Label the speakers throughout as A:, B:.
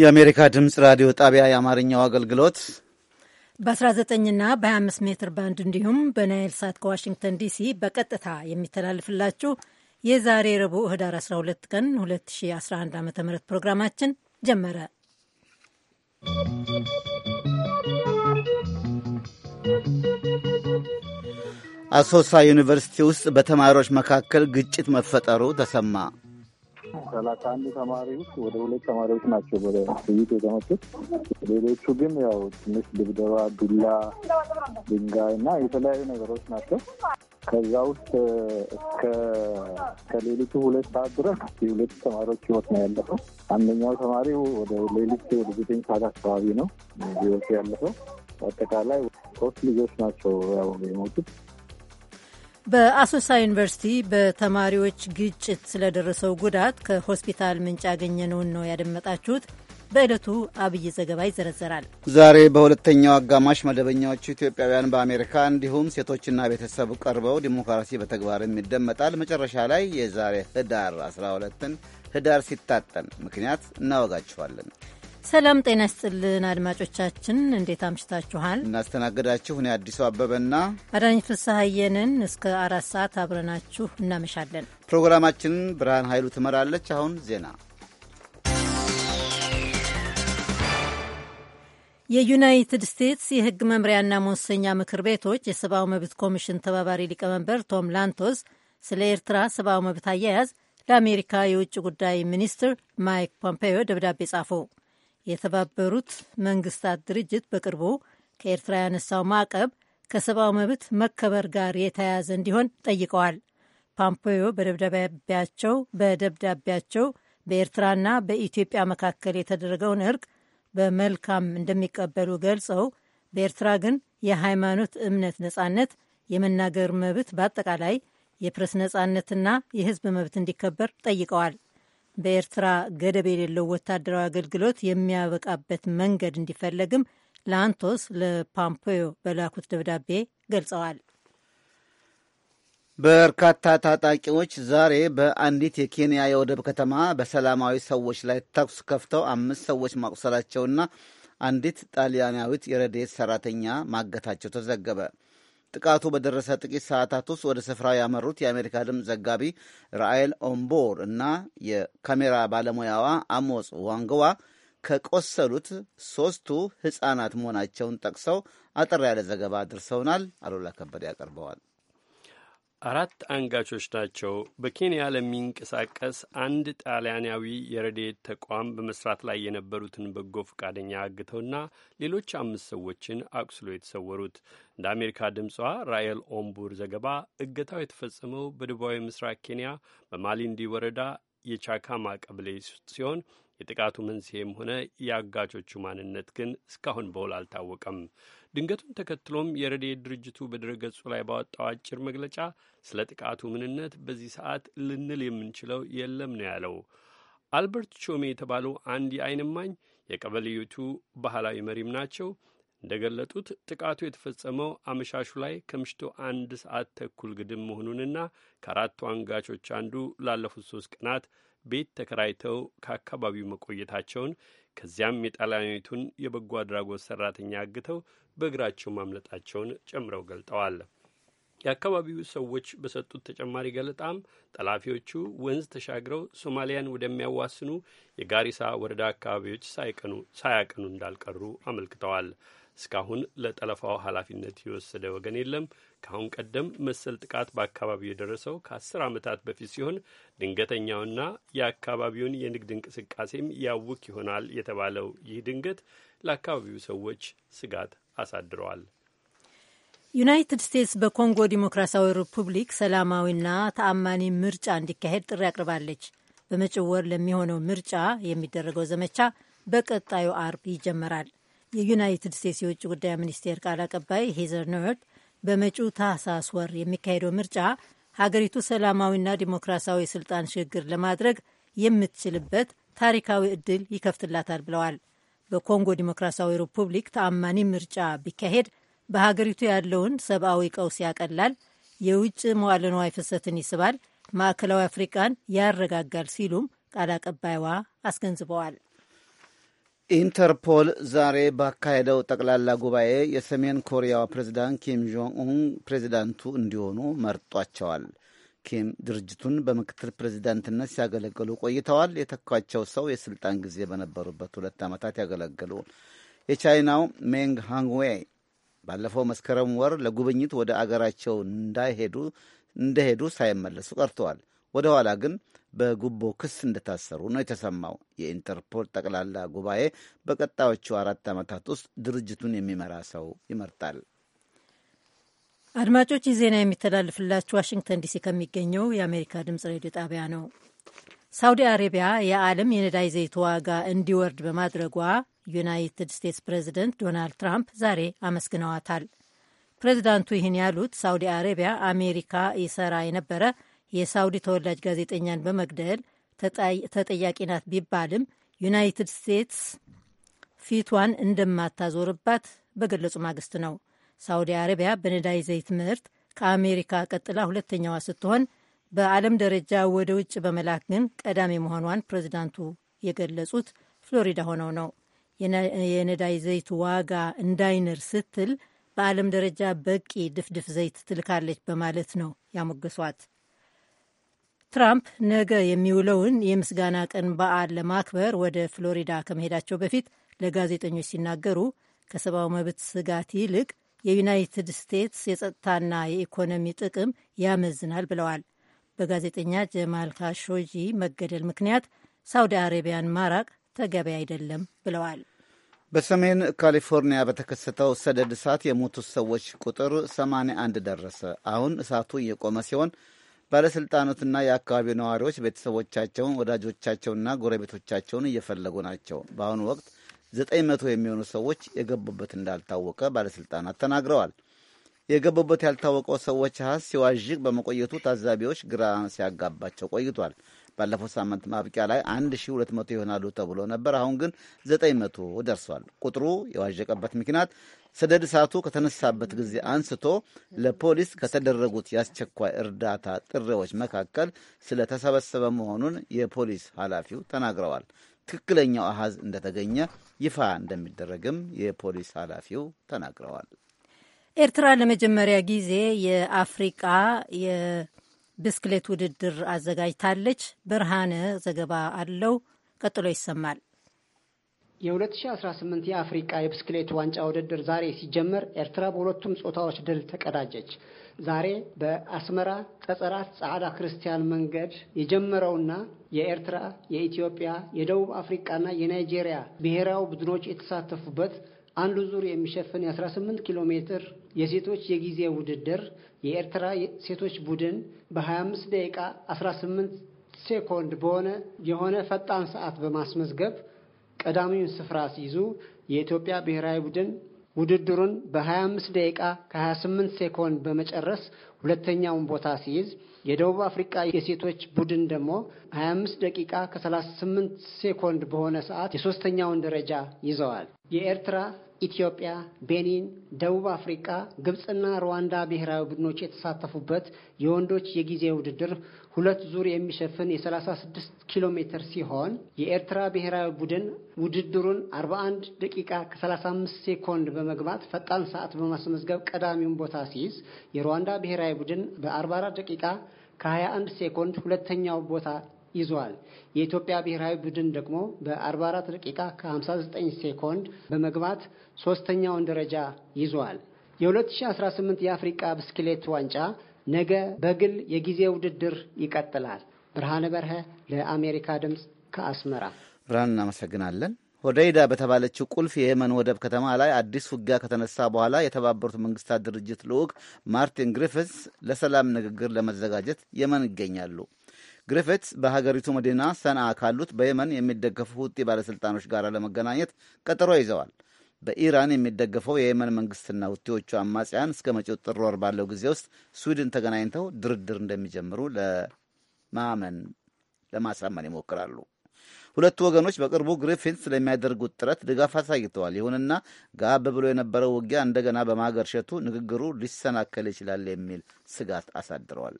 A: የአሜሪካ ድምፅ ራዲዮ ጣቢያ የአማርኛው አገልግሎት
B: በ19ና በ25 ሜትር ባንድ እንዲሁም በናይል ሳት ከዋሽንግተን ዲሲ በቀጥታ የሚተላልፍላችሁ የዛሬ ረቡዕ ህዳር 12 ቀን 2011 ዓ ም ፕሮግራማችን ጀመረ።
A: አሶሳ ዩኒቨርሲቲ ውስጥ በተማሪዎች መካከል ግጭት መፈጠሩ ተሰማ።
C: ሰላሳ ተማሪ ውስጥ ወደ ሁለት ተማሪዎች ናቸው በጥይት የተመቱት። ሌሎቹ ግን ያው ትንሽ ድብደባ፣ ዱላ፣ ድንጋይ እና የተለያዩ ነገሮች ናቸው። ከዛ ውስጥ ከሌሊቱ ሁለት ሰዓት ድረስ የሁለት ተማሪዎች ህይወት ነው ያለፈው። አንደኛው ተማሪ ወደ ሌሊት ወደ ዘጠኝ ሰዓት አካባቢ ነው ህይወቱ ያለፈው። በአጠቃላይ ሶስት ልጆች ናቸው ያው የሞቱት።
B: በአሶሳ ዩኒቨርሲቲ በተማሪዎች ግጭት ስለደረሰው ጉዳት ከሆስፒታል ምንጭ ያገኘነውን ነው ያደመጣችሁት። በዕለቱ አብይ ዘገባ ይዘረዘራል።
A: ዛሬ በሁለተኛው አጋማሽ መደበኛዎቹ ኢትዮጵያውያን በአሜሪካ እንዲሁም ሴቶችና ቤተሰብ ቀርበው ዲሞክራሲ በተግባርም ይደመጣል። መጨረሻ ላይ የዛሬ ህዳር 12ን ህዳር ሲታጠን ምክንያት እናወጋችኋለን።
B: ሰላም ጤና ይስጥልን አድማጮቻችን፣ እንዴት አምሽታችኋል?
A: እናስተናግዳችሁ እኔ አዲሱ አበበና
B: አዳኝ ፍስሐየንን እስከ አራት ሰዓት አብረናችሁ እናመሻለን።
A: ፕሮግራማችንን ብርሃን ኃይሉ ትመራለች።
B: አሁን ዜና። የዩናይትድ ስቴትስ የህግ መምሪያና መወሰኛ ምክር ቤቶች የሰብአዊ መብት ኮሚሽን ተባባሪ ሊቀመንበር ቶም ላንቶስ ስለ ኤርትራ ሰብአዊ መብት አያያዝ ለአሜሪካ የውጭ ጉዳይ ሚኒስትር ማይክ ፖምፔዮ ደብዳቤ ጻፈው። የተባበሩት መንግስታት ድርጅት በቅርቡ ከኤርትራ ያነሳው ማዕቀብ ከሰብአዊ መብት መከበር ጋር የተያያዘ እንዲሆን ጠይቀዋል። ፓምፖዮ በደብዳቤያቸው በደብዳቤያቸው በኤርትራና በኢትዮጵያ መካከል የተደረገውን እርቅ በመልካም እንደሚቀበሉ ገልጸው በኤርትራ ግን የሃይማኖት እምነት ነጻነት፣ የመናገር መብት፣ በአጠቃላይ የፕሬስ ነጻነትና የህዝብ መብት እንዲከበር ጠይቀዋል። በኤርትራ ገደብ የሌለው ወታደራዊ አገልግሎት የሚያበቃበት መንገድ እንዲፈለግም ለአንቶስ ለፓምፖዮ በላኩት ደብዳቤ ገልጸዋል።
A: በርካታ ታጣቂዎች ዛሬ በአንዲት የኬንያ የወደብ ከተማ በሰላማዊ ሰዎች ላይ ተኩስ ከፍተው አምስት ሰዎች ማቁሰላቸውና አንዲት ጣሊያናዊት የረድኤት ሰራተኛ ማገታቸው ተዘገበ። ጥቃቱ በደረሰ ጥቂት ሰዓታት ውስጥ ወደ ስፍራው ያመሩት የአሜሪካ ድምፅ ዘጋቢ ራኤል ኦምቦር እና የካሜራ ባለሙያዋ አሞጽ ዋንግዋ ከቆሰሉት ሶስቱ ሕፃናት መሆናቸውን ጠቅሰው አጠር ያለ ዘገባ አድርሰውናል። አሉላ ከበደ ያቀርበዋል።
D: አራት አንጋቾች ናቸው በኬንያ ለሚንቀሳቀስ አንድ ጣሊያናዊ የረድኤት ተቋም በመስራት ላይ የነበሩትን በጎ ፈቃደኛ አግተውና ሌሎች አምስት ሰዎችን አቁስሎ የተሰወሩት። እንደ አሜሪካ ድምጿ ራኤል ኦምቡር ዘገባ እገታው የተፈጸመው በደቡባዊ ምስራቅ ኬንያ በማሊንዲ ወረዳ የቻካማ ቀበሌ ሲሆን የጥቃቱ መንስኤም ሆነ የአጋቾቹ ማንነት ግን እስካሁን በውል አልታወቀም። ድንገቱን ተከትሎም የረድኤት ድርጅቱ በድረገጹ ላይ ባወጣው አጭር መግለጫ ስለ ጥቃቱ ምንነት በዚህ ሰዓት ልንል የምንችለው የለም ነው ያለው። አልበርት ቾሜ የተባለው አንድ የዓይን እማኝ የቀበሌቱ ባህላዊ መሪም ናቸው። እንደ ገለጡት ጥቃቱ የተፈጸመው አመሻሹ ላይ ከምሽቱ አንድ ሰዓት ተኩል ግድም መሆኑንና ከአራት አንጋቾች አንዱ ላለፉት ሶስት ቀናት ቤት ተከራይተው ከአካባቢው መቆየታቸውን ከዚያም የጣሊያኒቱን የበጎ አድራጎት ሰራተኛ አግተው በእግራቸው ማምለጣቸውን ጨምረው ገልጠዋል። የአካባቢው ሰዎች በሰጡት ተጨማሪ ገለጣም ጠላፊዎቹ ወንዝ ተሻግረው ሶማሊያን ወደሚያዋስኑ የጋሪሳ ወረዳ አካባቢዎች ሳያቀኑ እንዳልቀሩ አመልክተዋል። እስካሁን ለጠለፋው ኃላፊነት የወሰደ ወገን የለም። ከአሁን ቀደም መሰል ጥቃት በአካባቢው የደረሰው ከአስር ዓመታት በፊት ሲሆን ድንገተኛውና የአካባቢውን የንግድ እንቅስቃሴም ያውክ ይሆናል የተባለው ይህ ድንገት ለአካባቢው ሰዎች ስጋት አሳድረዋል።
B: ዩናይትድ ስቴትስ በኮንጎ ዲሞክራሲያዊ ሪፑብሊክ ሰላማዊና ተአማኒ ምርጫ እንዲካሄድ ጥሪ አቅርባለች። በመጪው ወር ለሚሆነው ምርጫ የሚደረገው ዘመቻ በቀጣዩ አርብ ይጀመራል። የዩናይትድ ስቴትስ የውጭ ጉዳይ ሚኒስቴር ቃል አቀባይ ሄዘር ነርድ በመጪው ታህሳስ ወር የሚካሄደው ምርጫ ሀገሪቱ ሰላማዊና ዲሞክራሲያዊ የስልጣን ሽግግር ለማድረግ የምትችልበት ታሪካዊ እድል ይከፍትላታል ብለዋል። በኮንጎ ዲሞክራሲያዊ ሪፑብሊክ ተአማኒ ምርጫ ቢካሄድ በሀገሪቱ ያለውን ሰብአዊ ቀውስ ያቀላል፣ የውጭ መዋለ ንዋይ ፍሰትን ይስባል፣ ማዕከላዊ አፍሪቃን ያረጋጋል ሲሉም ቃል አቀባይዋ አስገንዝበዋል።
A: ኢንተርፖል ዛሬ ባካሄደው ጠቅላላ ጉባኤ የሰሜን ኮሪያ ፕሬዚዳንት ኪም ጆንግ ኡን ፕሬዚዳንቱ እንዲሆኑ መርጧቸዋል። ኪም ድርጅቱን በምክትል ፕሬዚዳንትነት ሲያገለግሉ ቆይተዋል። የተኳቸው ሰው የስልጣን ጊዜ በነበሩበት ሁለት ዓመታት ያገለግሉ። የቻይናው ሜንግ ሃንግዌይ ባለፈው መስከረም ወር ለጉብኝት ወደ አገራቸው እንዳይሄዱ እንደሄዱ ሳይመለሱ ቀርተዋል። ወደ ኋላ ግን በጉቦ ክስ እንደታሰሩ ነው የተሰማው። የኢንተርፖል ጠቅላላ ጉባኤ በቀጣዮቹ አራት ዓመታት ውስጥ ድርጅቱን የሚመራ ሰው ይመርጣል።
B: አድማጮች ይህ ዜና የሚተላልፍላችሁ ዋሽንግተን ዲሲ ከሚገኘው የአሜሪካ ድምጽ ሬዲዮ ጣቢያ ነው። ሳውዲ አረቢያ የዓለም የነዳጅ ዘይት ዋጋ እንዲወርድ በማድረጓ ዩናይትድ ስቴትስ ፕሬዚደንት ዶናልድ ትራምፕ ዛሬ አመስግነዋታል። ፕሬዚዳንቱ ይህን ያሉት ሳውዲ አረቢያ አሜሪካ ይሰራ የነበረ የሳውዲ ተወላጅ ጋዜጠኛን በመግደል ተጠያቂ ናት ቢባልም ዩናይትድ ስቴትስ ፊቷን እንደማታዞርባት በገለጹ ማግስት ነው። ሳውዲ አረቢያ በነዳጅ ዘይት ምርት ከአሜሪካ ቀጥላ ሁለተኛዋ ስትሆን በዓለም ደረጃ ወደ ውጭ በመላክ ግን ቀዳሚ መሆኗን ፕሬዚዳንቱ የገለጹት ፍሎሪዳ ሆነው ነው። የነዳጅ ዘይት ዋጋ እንዳይንር ስትል በዓለም ደረጃ በቂ ድፍድፍ ዘይት ትልካለች በማለት ነው ያሞገሷት። ትራምፕ ነገ የሚውለውን የምስጋና ቀን በዓል ለማክበር ወደ ፍሎሪዳ ከመሄዳቸው በፊት ለጋዜጠኞች ሲናገሩ ከሰብአዊ መብት ስጋት ይልቅ የዩናይትድ ስቴትስ የጸጥታና የኢኮኖሚ ጥቅም ያመዝናል ብለዋል። በጋዜጠኛ ጀማል ካሾጂ መገደል ምክንያት ሳውዲ አረቢያን ማራቅ ተገቢ አይደለም ብለዋል።
A: በሰሜን ካሊፎርኒያ በተከሰተው ሰደድ እሳት የሞቱት ሰዎች ቁጥር 81 ደረሰ። አሁን እሳቱ እየቆመ ሲሆን ባለሥልጣናትና የአካባቢው ነዋሪዎች ቤተሰቦቻቸውን፣ ወዳጆቻቸውና ጎረቤቶቻቸውን እየፈለጉ ናቸው። በአሁኑ ወቅት ዘጠኝ መቶ የሚሆኑ ሰዎች የገቡበት እንዳልታወቀ ባለሥልጣናት ተናግረዋል። የገቡበት ያልታወቀው ሰዎች ሀስ ሲዋዥቅ በመቆየቱ ታዛቢዎች ግራ ሲያጋባቸው ቆይቷል። ባለፈው ሳምንት ማብቂያ ላይ 1200 ይሆናሉ ተብሎ ነበር። አሁን ግን 900 ደርሷል። ቁጥሩ የዋዠቀበት ምክንያት ሰደድ እሳቱ ከተነሳበት ጊዜ አንስቶ ለፖሊስ ከተደረጉት የአስቸኳይ እርዳታ ጥሪዎች መካከል ስለተሰበሰበ መሆኑን የፖሊስ ኃላፊው ተናግረዋል። ትክክለኛው አሃዝ እንደተገኘ ይፋ እንደሚደረግም የፖሊስ ኃላፊው ተናግረዋል።
B: ኤርትራ ለመጀመሪያ ጊዜ የአፍሪቃ የብስክሌት ውድድር አዘጋጅታለች። ብርሃነ ዘገባ
E: አለው፣ ቀጥሎ ይሰማል። የ2018 የአፍሪቃ የብስክሌት ዋንጫ ውድድር ዛሬ ሲጀመር ኤርትራ በሁለቱም ጾታዎች ድል ተቀዳጀች። ዛሬ በአስመራ ቀጸራት ጸዓዳ ክርስቲያን መንገድ የጀመረውና የኤርትራ፣ የኢትዮጵያ፣ የደቡብ አፍሪቃና የናይጄሪያ ብሔራዊ ቡድኖች የተሳተፉበት አንዱ ዙር የሚሸፍን የ18 ኪሎ ሜትር የሴቶች የጊዜ ውድድር የኤርትራ ሴቶች ቡድን በ25 ደቂቃ 18 ሴኮንድ በሆነ የሆነ ፈጣን ሰዓት በማስመዝገብ ቀዳሚውን ስፍራ ሲይዙ የኢትዮጵያ ብሔራዊ ቡድን ውድድሩን በ25 ደቂቃ ከ28 ሴኮንድ በመጨረስ ሁለተኛውን ቦታ ሲይዝ የደቡብ አፍሪካ የሴቶች ቡድን ደግሞ 25 ደቂቃ ከ38 ሴኮንድ በሆነ ሰዓት የሶስተኛውን ደረጃ ይዘዋል። የኤርትራ ኢትዮጵያ፣ ቤኒን፣ ደቡብ አፍሪካ፣ ግብፅና ሩዋንዳ ብሔራዊ ቡድኖች የተሳተፉበት የወንዶች የጊዜ ውድድር ሁለት ዙር የሚሸፍን የ36 ኪሎ ሜትር ሲሆን የኤርትራ ብሔራዊ ቡድን ውድድሩን 41 ደቂቃ ከ35 ሴኮንድ በመግባት ፈጣን ሰዓት በማስመዝገብ ቀዳሚውን ቦታ ሲይዝ የሩዋንዳ ብሔራዊ ቡድን በ44 ደቂቃ ከ21 ሴኮንድ ሁለተኛው ቦታ ይዟል። የኢትዮጵያ ብሔራዊ ቡድን ደግሞ በ44 ደቂቃ ከ59 ሴኮንድ በመግባት ሶስተኛውን ደረጃ ይዟል። የ2018 የአፍሪቃ ብስክሌት ዋንጫ ነገ በግል የጊዜ ውድድር ይቀጥላል። ብርሃነ በርሀ ለአሜሪካ ድምፅ ከአስመራ።
A: ብርሃን እናመሰግናለን። ሆደይዳ በተባለችው ቁልፍ የየመን ወደብ ከተማ ላይ አዲስ ውጊያ ከተነሳ በኋላ የተባበሩት መንግስታት ድርጅት ልዑክ ማርቲን ግሪፍስ ለሰላም ንግግር ለመዘጋጀት የመን ይገኛሉ። ግሪፊትስ በሀገሪቱ መዲና ሰንዓ ካሉት በየመን የሚደገፉ ሁጢ ባለሥልጣኖች ጋር ለመገናኘት ቀጠሮ ይዘዋል። በኢራን የሚደገፈው የየመን መንግሥትና ሁቲዎቹ አማጽያን እስከ መጪው ጥር ወር ባለው ጊዜ ውስጥ ስዊድን ተገናኝተው ድርድር እንደሚጀምሩ ለማመን ለማሳመን ይሞክራሉ። ሁለቱ ወገኖች በቅርቡ ግሪፊትስ ለሚያደርጉት ጥረት ድጋፍ አሳይተዋል። ይሁንና ጋብ ብሎ የነበረው ውጊያ እንደገና በማገርሸቱ ንግግሩ ሊሰናከል ይችላል የሚል ስጋት አሳድረዋል።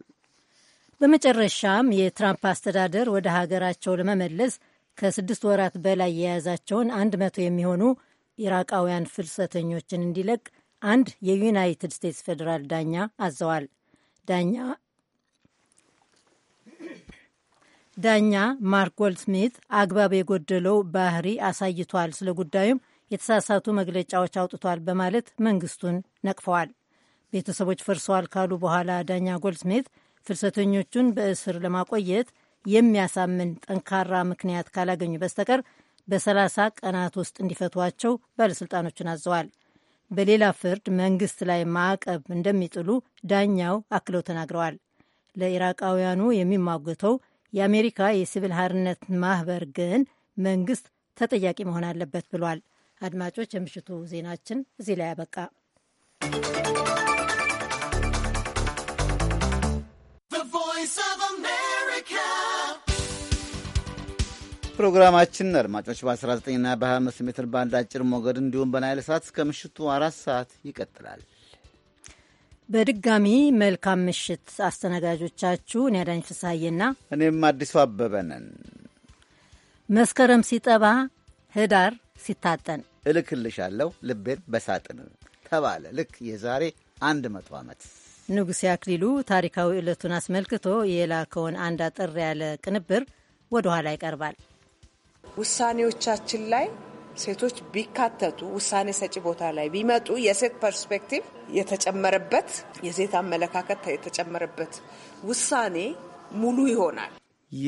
B: በመጨረሻም የትራምፕ አስተዳደር ወደ ሀገራቸው ለመመለስ ከስድስት ወራት በላይ የያዛቸውን አንድ መቶ የሚሆኑ ኢራቃውያን ፍልሰተኞችን እንዲለቅ አንድ የዩናይትድ ስቴትስ ፌዴራል ዳኛ አዘዋል። ዳኛ ዳኛ ማርክ ጎልድስሚት አግባብ የጎደለው ባህሪ አሳይቷል፣ ስለ ጉዳዩም የተሳሳቱ መግለጫዎች አውጥቷል በማለት መንግስቱን ነቅፈዋል። ቤተሰቦች ፈርሰዋል ካሉ በኋላ ዳኛ ጎልድስሚት ፍልሰተኞቹን በእስር ለማቆየት የሚያሳምን ጠንካራ ምክንያት ካላገኙ በስተቀር በ30 ቀናት ውስጥ እንዲፈቷቸው ባለሥልጣኖቹን አዘዋል። በሌላ ፍርድ መንግስት ላይ ማዕቀብ እንደሚጥሉ ዳኛው አክለው ተናግረዋል። ለኢራቃውያኑ የሚሟገተው የአሜሪካ የሲቪል ሀርነት ማህበር ግን መንግስት ተጠያቂ መሆን አለበት ብሏል። አድማጮች፣ የምሽቱ ዜናችን እዚህ ላይ ያበቃ።
A: ፕሮግራማችን አድማጮች በ19ና በ25 ሜትር ባንድ አጭር ሞገድ እንዲሁም በናይል ሰዓት እስከ ምሽቱ አራት ሰዓት ይቀጥላል።
B: በድጋሚ መልካም ምሽት አስተናጋጆቻችሁ እኔ አዳኝ
A: እኔም አዲሱ አበበ ነን።
B: መስከረም ሲጠባ ህዳር ሲታጠን
A: እልክልሻለሁ ልቤን በሳጥን ተባለ ልክ የዛሬ አንድ መቶ ዓመት
B: ንጉሴ አክሊሉ ታሪካዊ ዕለቱን አስመልክቶ የላከውን አንድ አጠር ያለ ቅንብር ወደ ኋላ ይቀርባል።
F: ውሳኔዎቻችን ላይ ሴቶች ቢካተቱ ውሳኔ ሰጪ ቦታ ላይ ቢመጡ የሴት ፐርስፔክቲቭ የተጨመረበት የሴት አመለካከት የተጨመረበት ውሳኔ ሙሉ ይሆናል።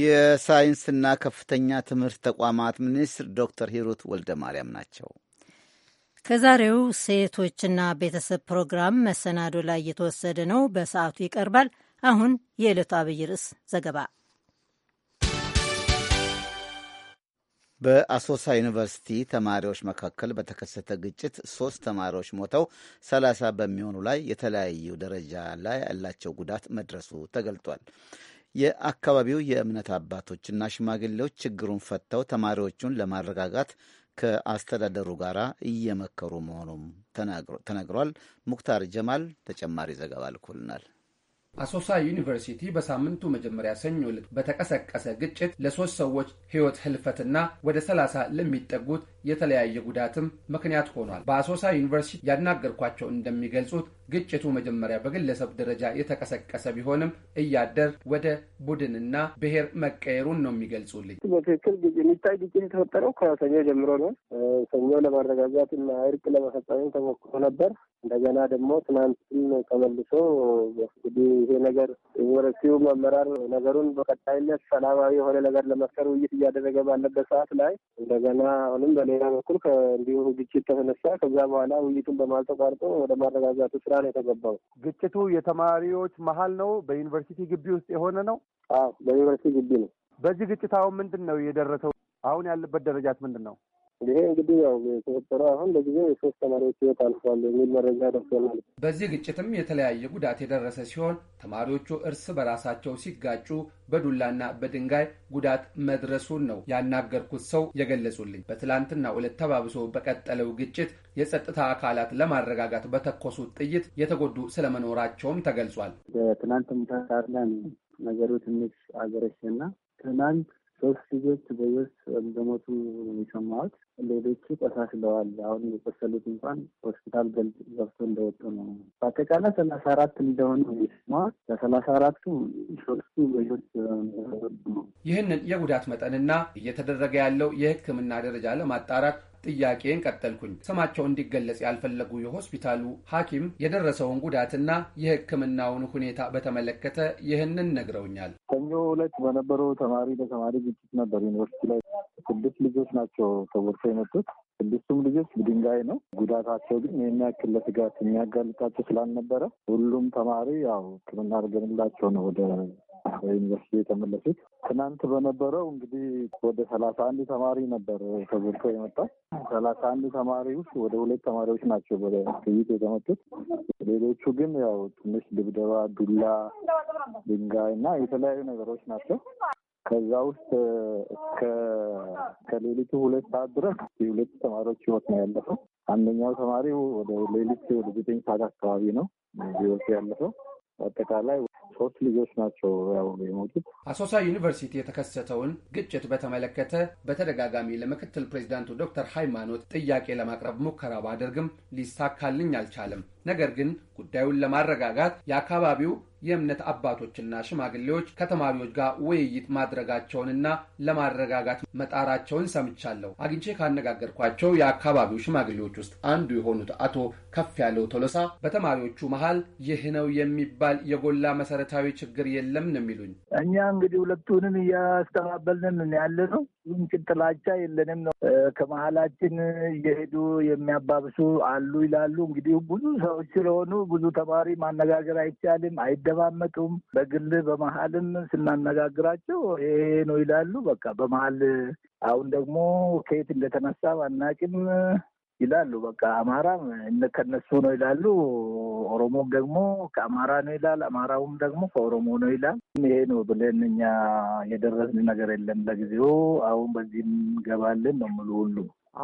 A: የሳይንስና ከፍተኛ ትምህርት ተቋማት ሚኒስትር ዶክተር ሂሩት ወልደ ማርያም ናቸው።
B: ከዛሬው ሴቶችና ቤተሰብ ፕሮግራም መሰናዶ ላይ እየተወሰደ ነው። በሰዓቱ ይቀርባል። አሁን የዕለቱ አብይ ርዕስ ዘገባ
A: በአሶሳ ዩኒቨርሲቲ ተማሪዎች መካከል በተከሰተ ግጭት ሶስት ተማሪዎች ሞተው ሰላሳ በሚሆኑ ላይ የተለያዩ ደረጃ ላይ ያላቸው ጉዳት መድረሱ ተገልጧል። የአካባቢው የእምነት አባቶችና ሽማግሌዎች ችግሩን ፈተው ተማሪዎቹን ለማረጋጋት ከአስተዳደሩ ጋር እየመከሩ መሆኑም ተነግሯል። ሙክታር ጀማል ተጨማሪ ዘገባ ልኮልናል።
G: አሶሳ ዩኒቨርሲቲ በሳምንቱ መጀመሪያ ሰኞ ዕለት በተቀሰቀሰ ግጭት ለሶስት ሰዎች ሕይወት ህልፈትና ወደ ሰላሳ ለሚጠጉት የተለያየ ጉዳትም ምክንያት ሆኗል። በአሶሳ ዩኒቨርሲቲ ያናገርኳቸው እንደሚገልጹት ግጭቱ መጀመሪያ በግለሰብ ደረጃ የተቀሰቀሰ ቢሆንም እያደር ወደ ቡድንና ብሔር መቀየሩን ነው የሚገልጹልኝ።
C: በትክክል የሚታይ ግጭት የተፈጠረው ከሰኞ ጀምሮ ነው። ሰኞ ለማረጋጋት እና እርቅ ለመፈጸም ተሞክሮ ነበር። እንደገና ደግሞ ትናንትም ተመልሶ እንግዲህ ይሄ ነገር ዩኒቨርሲቲው መመራር ነገሩን በቀጣይነት ሰላማዊ የሆነ ነገር ለመፍጠር ውይይት እያደረገ ባለበት ሰዓት ላይ እንደገና አሁንም በሌላ በኩል እንዲሁ ግጭት ተነሳ። ከዛ በኋላ ውይይቱን በማልተቋርጦ ወደ ማረጋጋቱ ስራ ነው የተገባው።
H: ግጭቱ የተማሪዎች መሀል ነው፣ በዩኒቨርሲቲ ግቢ ውስጥ የሆነ ነው። አዎ በዩኒቨርሲቲ ግቢ ነው። በዚህ ግጭት አሁን ምንድን ነው የደረሰው? አሁን ያለበት ደረጃት ምንድን ነው?
C: ይሄ እንግዲህ ያው የተፈጠረ አሁን በጊዜው የሶስት ተማሪዎች ህይወት አልፏል የሚል መረጃ ደርሶናል።
G: በዚህ ግጭትም የተለያየ ጉዳት የደረሰ ሲሆን ተማሪዎቹ እርስ በራሳቸው ሲጋጩ በዱላና በድንጋይ ጉዳት መድረሱን ነው ያናገርኩት ሰው የገለጹልኝ። በትላንትና ዕለት ተባብሶ በቀጠለው ግጭት የጸጥታ አካላት ለማረጋጋት በተኮሱት ጥይት የተጎዱ ስለመኖራቸውም ተገልጿል። በትናንት ምታሳላ ነገሩ ትንሽ አገረሽና
I: ትናንት
C: ሶስት ልጆች በየስ እንደሞቱ የሰማሁት። ሌሎቹ ቆሳስለዋል። አሁን የቆሰሉት እንኳን ሆስፒታል ገብቶ እንደወጡ ነው። በአጠቃላይ ሰላሳ አራት እንደሆኑ የሰማሁት። ከሰላሳ አራቱ ሶስቱ በህይወት ነው።
G: ይህንን የጉዳት መጠንና እየተደረገ ያለው የሕክምና ደረጃ ለማጣራት ጥያቄን ቀጠልኩኝ። ስማቸው እንዲገለጽ ያልፈለጉ የሆስፒታሉ ሐኪም የደረሰውን ጉዳትና የሕክምናውን ሁኔታ በተመለከተ ይህንን ነግረውኛል።
C: ሰኞ ዕለት በነበረው ተማሪ በተማሪ ግጭት ነበር ዩኒቨርሲቲ ላይ ስድስት ልጆች ናቸው ተጎድተው የመጡት። ስድስቱም ልጆች ድንጋይ ነው ጉዳታቸው፣ ግን ይህን ያክል ለስጋት የሚያጋልጣቸው ስላልነበረ ሁሉም ተማሪ ያው ሕክምና አድርገንላቸው ነው ወደ ዩኒቨርሲቲ የተመለሱት። ትናንት በነበረው እንግዲህ ወደ ሰላሳ አንድ ተማሪ ነበር ተጎድቶ የመጣው። ሰላሳ አንድ ተማሪ ውስጥ ወደ ሁለት ተማሪዎች ናቸው በጥይት የተመቱት። ሌሎቹ ግን ያው ትንሽ ድብደባ፣ ዱላ፣ ድንጋይ እና የተለያዩ ነገሮች ናቸው። ከዛ ውስጥ ከሌሊቱ ሁለት ሰዓት ድረስ የሁለት ተማሪዎች ህይወት ነው ያለፈው። አንደኛው ተማሪ ወደ ሌሊት ወደ ዘጠኝ ሰዓት አካባቢ ነው ህይወቱ ያለፈው። አጠቃላይ ሶስት ልጆች ናቸው ያው የሞቱት።
G: አሶሳ ዩኒቨርሲቲ የተከሰተውን ግጭት በተመለከተ በተደጋጋሚ ለምክትል ፕሬዚዳንቱ ዶክተር ሃይማኖት ጥያቄ ለማቅረብ ሙከራ ባደርግም ሊሳካልኝ አልቻለም። ነገር ግን ጉዳዩን ለማረጋጋት የአካባቢው የእምነት አባቶችና ሽማግሌዎች ከተማሪዎች ጋር ውይይት ማድረጋቸውንና ለማረጋጋት መጣራቸውን ሰምቻለሁ። አግኝቼ ካነጋገርኳቸው የአካባቢው ሽማግሌዎች ውስጥ አንዱ የሆኑት አቶ ከፍ ያለው ቶሎሳ በተማሪዎቹ መሀል ይህ ነው የሚባል የጎላ መሰረታዊ ችግር የለም ነው የሚሉኝ።
I: እኛ እንግዲህ ሁለቱንም እያስተባበልን ያለ ነው። ጥላቻ የለንም ነው። ከመሀላችን እየሄዱ የሚያባብሱ አሉ ይላሉ። እንግዲህ ብዙ ሰው ብቻዎች ስለሆኑ ብዙ ተማሪ ማነጋገር አይቻልም፣ አይደማመጡም። በግል በመሀልም ስናነጋግራቸው ይሄ ነው ይላሉ። በቃ በመሀል አሁን ደግሞ ከየት እንደተነሳ አናውቅም ይላሉ። በቃ አማራም ከነሱ ነው ይላሉ። ኦሮሞም ደግሞ ከአማራ ነው ይላል። አማራውም ደግሞ ከኦሮሞ ነው ይላል። ይሄ ነው ብለን እኛ የደረስን ነገር የለም ለጊዜው። አሁን በዚህም እንገባለን ነው ምሉ ሁሉ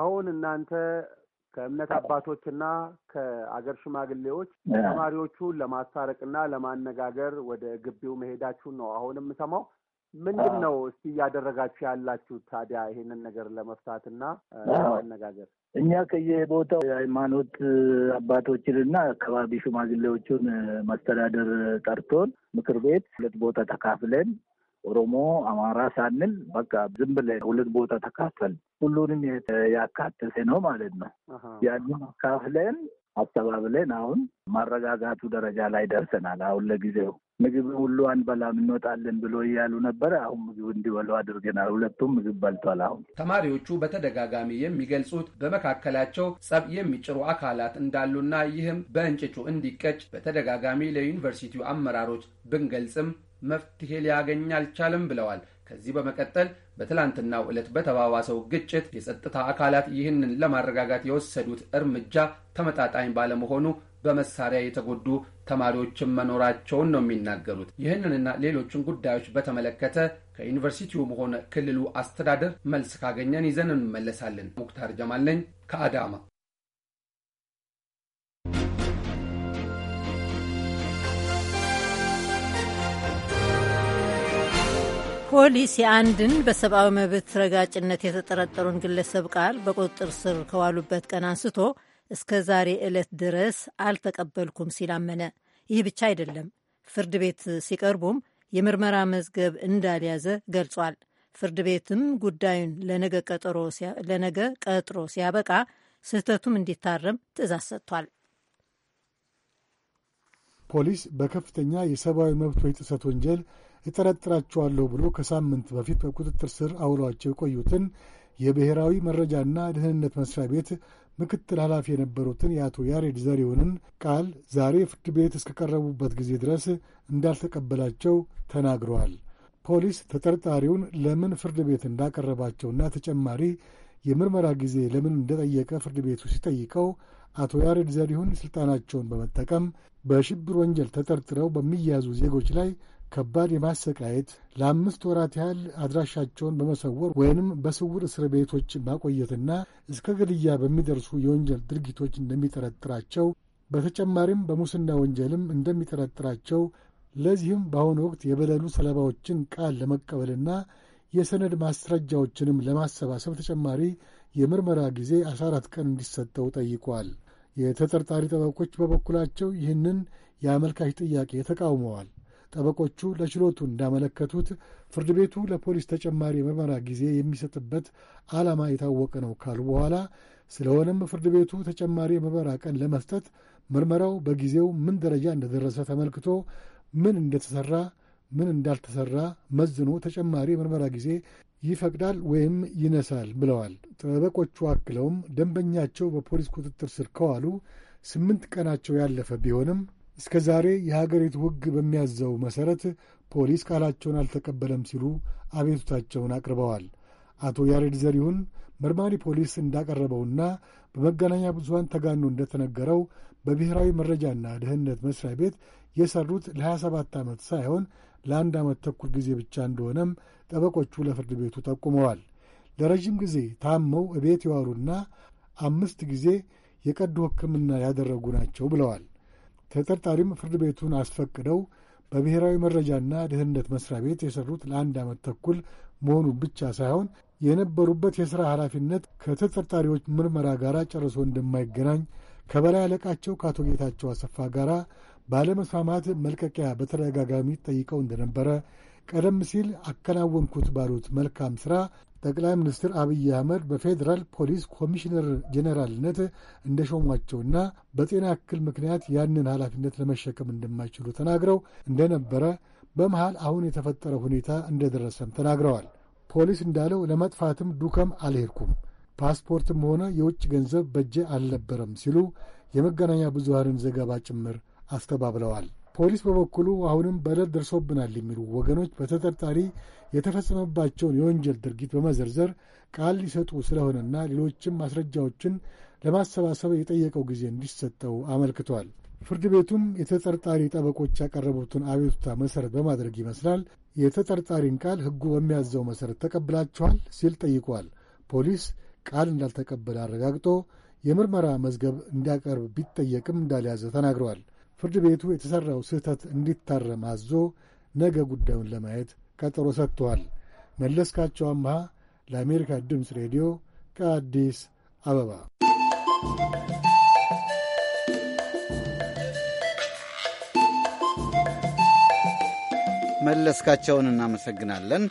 H: አሁን እናንተ ከእምነት አባቶችና ከአገር ሽማግሌዎች ተማሪዎቹን ለማስታረቅና ለማነጋገር ወደ ግቢው መሄዳችሁን ነው አሁን የምሰማው። ምንድን ነው እስቲ እያደረጋችሁ ያላችሁ ታዲያ ይሄንን ነገር ለመፍታትና ለማነጋገር?
I: እኛ ከየቦታው የሃይማኖት አባቶችንና አካባቢ ሽማግሌዎቹን መስተዳደር ጠርቶን ምክር ቤት ሁለት ቦታ ተካፍለን ኦሮሞ፣ አማራ ሳንል በቃ ዝም ብለን ሁለት ቦታ ተካፈል ሁሉንም ያካተተ ነው ማለት ነው። ያንን አካፍለን አስተባብለን አሁን ማረጋጋቱ ደረጃ ላይ ደርሰናል። አሁን ለጊዜው ምግብ ሁሉ አንበላም እንወጣለን ብሎ እያሉ ነበረ። አሁን ምግብ እንዲበሉ አድርገናል። ሁለቱም ምግብ
G: በልቷል። አሁን ተማሪዎቹ በተደጋጋሚ የሚገልጹት በመካከላቸው ጸብ የሚጭሩ አካላት እንዳሉና ይህም በእንጭጩ እንዲቀጭ በተደጋጋሚ ለዩኒቨርሲቲው አመራሮች ብንገልጽም መፍትሄ ሊያገኝ አልቻለም ብለዋል። ከዚህ በመቀጠል በትላንትናው ዕለት በተባባሰው ግጭት የጸጥታ አካላት ይህንን ለማረጋጋት የወሰዱት እርምጃ ተመጣጣኝ ባለመሆኑ በመሳሪያ የተጎዱ ተማሪዎችን መኖራቸውን ነው የሚናገሩት። ይህንንና ሌሎችን ጉዳዮች በተመለከተ ከዩኒቨርሲቲውም ሆነ ክልሉ አስተዳደር መልስ ካገኘን ይዘን እንመለሳለን። ሙክታር ጀማል ነኝ ከአዳማ።
B: ፖሊስ የአንድን በሰብአዊ መብት ረጋጭነት የተጠረጠሩን ግለሰብ ቃል በቁጥጥር ስር ከዋሉበት ቀን አንስቶ እስከ ዛሬ ዕለት ድረስ አልተቀበልኩም ሲል አመነ። ይህ ብቻ አይደለም፣ ፍርድ ቤት ሲቀርቡም የምርመራ መዝገብ እንዳልያዘ ገልጿል። ፍርድ ቤትም ጉዳዩን ለነገ ቀጥሮ ሲያበቃ ስህተቱም እንዲታረም ትዕዛዝ ሰጥቷል።
J: ፖሊስ በከፍተኛ የሰብአዊ መብቶች ጥሰት ወንጀል እጠረጥራቸዋለሁ ብሎ ከሳምንት በፊት በቁጥጥር ስር አውሏቸው የቆዩትን የብሔራዊ መረጃና ደህንነት መስሪያ ቤት ምክትል ኃላፊ የነበሩትን የአቶ ያሬድ ዘሪሁንን ቃል ዛሬ ፍርድ ቤት እስከቀረቡበት ጊዜ ድረስ እንዳልተቀበላቸው ተናግረዋል። ፖሊስ ተጠርጣሪውን ለምን ፍርድ ቤት እንዳቀረባቸውና ተጨማሪ የምርመራ ጊዜ ለምን እንደጠየቀ ፍርድ ቤቱ ሲጠይቀው አቶ ያሬድ ዘሪሁን ስልጣናቸውን በመጠቀም በሽብር ወንጀል ተጠርጥረው በሚያዙ ዜጎች ላይ ከባድ የማሰቃየት ለአምስት ወራት ያህል አድራሻቸውን በመሰወር ወይንም በስውር እስር ቤቶች ማቆየትና እስከ ግድያ በሚደርሱ የወንጀል ድርጊቶች እንደሚጠረጥራቸው በተጨማሪም በሙስና ወንጀልም እንደሚጠረጥራቸው ለዚህም በአሁኑ ወቅት የበደሉ ሰለባዎችን ቃል ለመቀበልና የሰነድ ማስረጃዎችንም ለማሰባሰብ ተጨማሪ የምርመራ ጊዜ 14 ቀን እንዲሰጠው ጠይቋል። የተጠርጣሪ ጠበቆች በበኩላቸው ይህንን የአመልካች ጥያቄ ተቃውመዋል። ጠበቆቹ ለችሎቱ እንዳመለከቱት ፍርድ ቤቱ ለፖሊስ ተጨማሪ የምርመራ ጊዜ የሚሰጥበት ዓላማ የታወቀ ነው ካሉ በኋላ ስለሆነም ፍርድ ቤቱ ተጨማሪ የምርመራ ቀን ለመስጠት ምርመራው በጊዜው ምን ደረጃ እንደደረሰ ተመልክቶ ምን እንደተሰራ ምን እንዳልተሰራ መዝኖ ተጨማሪ የምርመራ ጊዜ ይፈቅዳል ወይም ይነሳል ብለዋል። ጠበቆቹ አክለውም ደንበኛቸው በፖሊስ ቁጥጥር ስር ከዋሉ ስምንት ቀናቸው ያለፈ ቢሆንም እስከ ዛሬ የሀገሪቱ ሕግ በሚያዘው መሠረት ፖሊስ ቃላቸውን አልተቀበለም ሲሉ አቤቱታቸውን አቅርበዋል። አቶ ያሬድ ዘሪሁን መርማሪ ፖሊስ እንዳቀረበውና በመገናኛ ብዙኃን ተጋኖ እንደተነገረው በብሔራዊ መረጃና ደህንነት መስሪያ ቤት የሠሩት ለ27 ዓመት ሳይሆን ለአንድ ዓመት ተኩል ጊዜ ብቻ እንደሆነም ጠበቆቹ ለፍርድ ቤቱ ጠቁመዋል። ለረዥም ጊዜ ታመው እቤት የዋሉና አምስት ጊዜ የቀዶ ሕክምና ያደረጉ ናቸው ብለዋል። ተጠርጣሪም ፍርድ ቤቱን አስፈቅደው በብሔራዊ መረጃና ደህንነት መስሪያ ቤት የሰሩት ለአንድ ዓመት ተኩል መሆኑን ብቻ ሳይሆን የነበሩበት የሥራ ኃላፊነት ከተጠርጣሪዎች ምርመራ ጋር ጨርሶ እንደማይገናኝ ከበላይ አለቃቸው ከአቶ ጌታቸው አሰፋ ጋር ባለመስማማት መልቀቂያ በተደጋጋሚ ጠይቀው እንደነበረ ቀደም ሲል አከናወንኩት ባሉት መልካም ሥራ ጠቅላይ ሚኒስትር አብይ አህመድ በፌዴራል ፖሊስ ኮሚሽነር ጄኔራልነት እንደሾሟቸውና በጤና እክል ምክንያት ያንን ኃላፊነት ለመሸከም እንደማይችሉ ተናግረው እንደነበረ በመሃል አሁን የተፈጠረ ሁኔታ እንደደረሰም ተናግረዋል። ፖሊስ እንዳለው ለመጥፋትም ዱከም አልሄድኩም፣ ፓስፖርትም ሆነ የውጭ ገንዘብ በጄ አልነበረም ሲሉ የመገናኛ ብዙሃንን ዘገባ ጭምር አስተባብለዋል። ፖሊስ በበኩሉ አሁንም በደል ደርሶብናል የሚሉ ወገኖች በተጠርጣሪ የተፈጸመባቸውን የወንጀል ድርጊት በመዘርዘር ቃል ሊሰጡ ስለሆነና ሌሎችም ማስረጃዎችን ለማሰባሰብ የጠየቀው ጊዜ እንዲሰጠው አመልክቷል። ፍርድ ቤቱም የተጠርጣሪ ጠበቆች ያቀረቡትን አቤቱታ መሠረት በማድረግ ይመስላል የተጠርጣሪን ቃል ሕጉ በሚያዘው መሠረት ተቀብላችኋል ሲል ጠይቋል። ፖሊስ ቃል እንዳልተቀበለ አረጋግጦ የምርመራ መዝገብ እንዲያቀርብ ቢጠየቅም እንዳልያዘ ተናግረዋል። ፍርድ ቤቱ የተሠራው ስህተት እንዲታረም አዞ ነገ ጉዳዩን ለማየት ቀጠሮ ሰጥተዋል። መለስካቸው አምሃ ለአሜሪካ ድምፅ ሬዲዮ ከአዲስ አበባ።
A: መለስካቸውን እናመሰግናለን።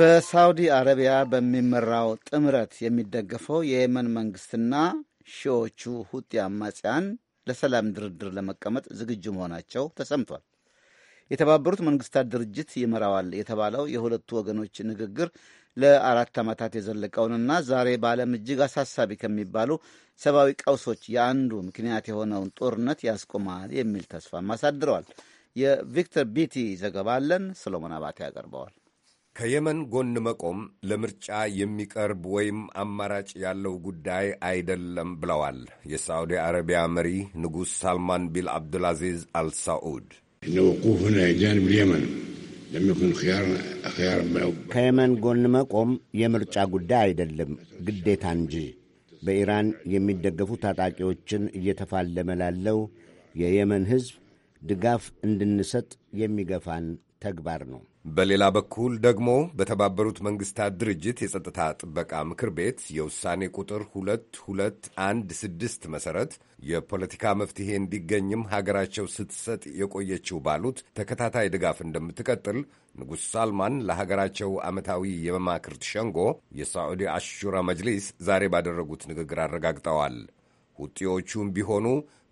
A: በሳውዲ አረቢያ በሚመራው ጥምረት የሚደገፈው የየመን መንግሥትና ሺዎቹ ሁጢ አማጽያን ለሰላም ድርድር ለመቀመጥ ዝግጁ መሆናቸው ተሰምቷል። የተባበሩት መንግስታት ድርጅት ይመራዋል የተባለው የሁለቱ ወገኖች ንግግር ለአራት ዓመታት የዘለቀውንና ዛሬ በዓለም እጅግ አሳሳቢ ከሚባሉ ሰብአዊ ቀውሶች የአንዱ ምክንያት የሆነውን ጦርነት ያስቆማል የሚል ተስፋም አሳድረዋል። የቪክተር ቢቲ
K: ዘገባ አለን። ሰሎሞን አባቴ ያቀርበዋል። ከየመን ጎን መቆም ለምርጫ የሚቀርብ ወይም አማራጭ ያለው ጉዳይ አይደለም ብለዋል የሳዑዲ አረቢያ መሪ ንጉሥ ሳልማን ቢን አብዱልአዚዝ አልሳዑድ።
A: ከየመን ጎን መቆም የምርጫ ጉዳይ አይደለም፣ ግዴታ እንጂ በኢራን የሚደገፉ ታጣቂዎችን እየተፋለመ ላለው የየመን ሕዝብ ድጋፍ እንድንሰጥ የሚገፋን
K: ተግባር ነው። በሌላ በኩል ደግሞ በተባበሩት መንግስታት ድርጅት የጸጥታ ጥበቃ ምክር ቤት የውሳኔ ቁጥር 2216 መሠረት የፖለቲካ መፍትሄ እንዲገኝም ሀገራቸው ስትሰጥ የቆየችው ባሉት ተከታታይ ድጋፍ እንደምትቀጥል ንጉሥ ሳልማን ለሀገራቸው ዓመታዊ የመማክርት ሸንጎ የሳዑዲ አሹራ መጅሊስ ዛሬ ባደረጉት ንግግር አረጋግጠዋል። ውጤዎቹም ቢሆኑ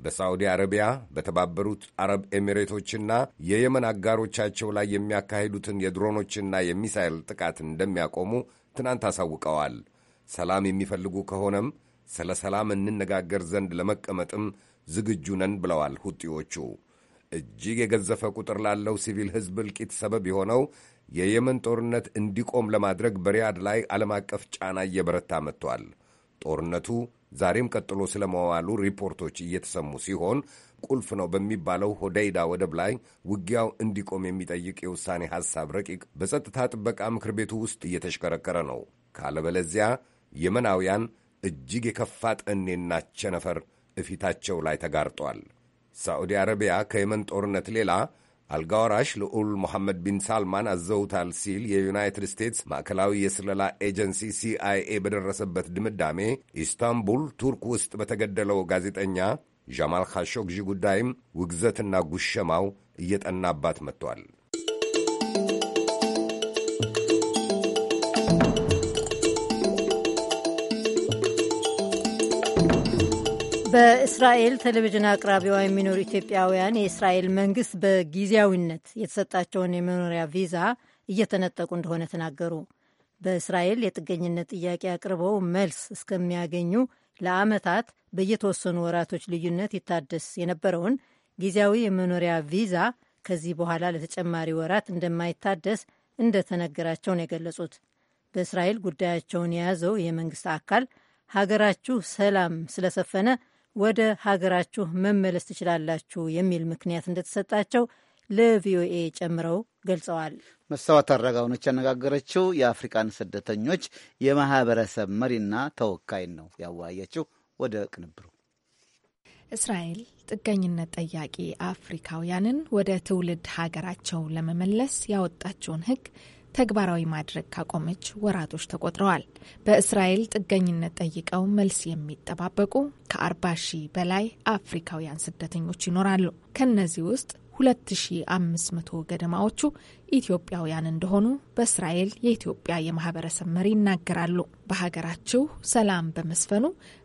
K: በሳዑዲ አረቢያ በተባበሩት አረብ ኤሚሬቶችና የየመን አጋሮቻቸው ላይ የሚያካሂዱትን የድሮኖችና የሚሳይል ጥቃት እንደሚያቆሙ ትናንት አሳውቀዋል። ሰላም የሚፈልጉ ከሆነም ስለ ሰላም እንነጋገር ዘንድ ለመቀመጥም ዝግጁ ነን ብለዋል ሁጢዎቹ። እጅግ የገዘፈ ቁጥር ላለው ሲቪል ሕዝብ እልቂት ሰበብ የሆነው የየመን ጦርነት እንዲቆም ለማድረግ በሪያድ ላይ ዓለም አቀፍ ጫና እየበረታ መጥቷል። ጦርነቱ ዛሬም ቀጥሎ ስለመዋሉ ሪፖርቶች እየተሰሙ ሲሆን ቁልፍ ነው በሚባለው ሆደይዳ ወደብ ላይ ውጊያው እንዲቆም የሚጠይቅ የውሳኔ ሐሳብ ረቂቅ በጸጥታ ጥበቃ ምክር ቤቱ ውስጥ እየተሽከረከረ ነው። ካለበለዚያ የመናውያን እጅግ የከፋ ጠኔና ቸነፈር እፊታቸው ላይ ተጋርጧል። ሳዑዲ አረቢያ ከየመን ጦርነት ሌላ አልጋወራሽ ልዑል ሞሐመድ ቢን ሳልማን አዘውታል ሲል የዩናይትድ ስቴትስ ማዕከላዊ የስለላ ኤጀንሲ ሲአይኤ በደረሰበት ድምዳሜ ኢስታንቡል ቱርክ ውስጥ በተገደለው ጋዜጠኛ ዣማል ካሾግዢ ጉዳይም ውግዘትና ጉሸማው እየጠናባት መጥቷል።
B: በእስራኤል ቴሌቪዥን አቅራቢዋ የሚኖሩ ኢትዮጵያውያን የእስራኤል መንግስት በጊዜያዊነት የተሰጣቸውን የመኖሪያ ቪዛ እየተነጠቁ እንደሆነ ተናገሩ። በእስራኤል የጥገኝነት ጥያቄ አቅርበው መልስ እስከሚያገኙ ለአመታት በየተወሰኑ ወራቶች ልዩነት ይታደስ የነበረውን ጊዜያዊ የመኖሪያ ቪዛ ከዚህ በኋላ ለተጨማሪ ወራት እንደማይታደስ እንደተነገራቸው ነው የገለጹት። በእስራኤል ጉዳያቸውን የያዘው የመንግስት አካል ሀገራችሁ ሰላም ስለሰፈነ ወደ ሀገራችሁ መመለስ ትችላላችሁ የሚል ምክንያት እንደተሰጣቸው ለቪኦኤ ጨምረው ገልጸዋል።
A: መስታወት አረጋው ነች ያነጋገረችው። የአፍሪቃን ስደተኞች የማህበረሰብ መሪና ተወካይ ነው ያወያየችው። ወደ ቅንብሩ
L: እስራኤል ጥገኝነት ጠያቂ አፍሪካውያንን ወደ ትውልድ ሀገራቸው ለመመለስ ያወጣችውን ሕግ ተግባራዊ ማድረግ ካቆመች ወራቶች ተቆጥረዋል። በእስራኤል ጥገኝነት ጠይቀው መልስ የሚጠባበቁ ከአርባ ሺህ በላይ አፍሪካውያን ስደተኞች ይኖራሉ። ከእነዚህ ውስጥ 2500 ገደማዎቹ ኢትዮጵያውያን እንደሆኑ በእስራኤል የኢትዮጵያ የማህበረሰብ መሪ ይናገራሉ። በሀገራችሁ ሰላም በመስፈኑ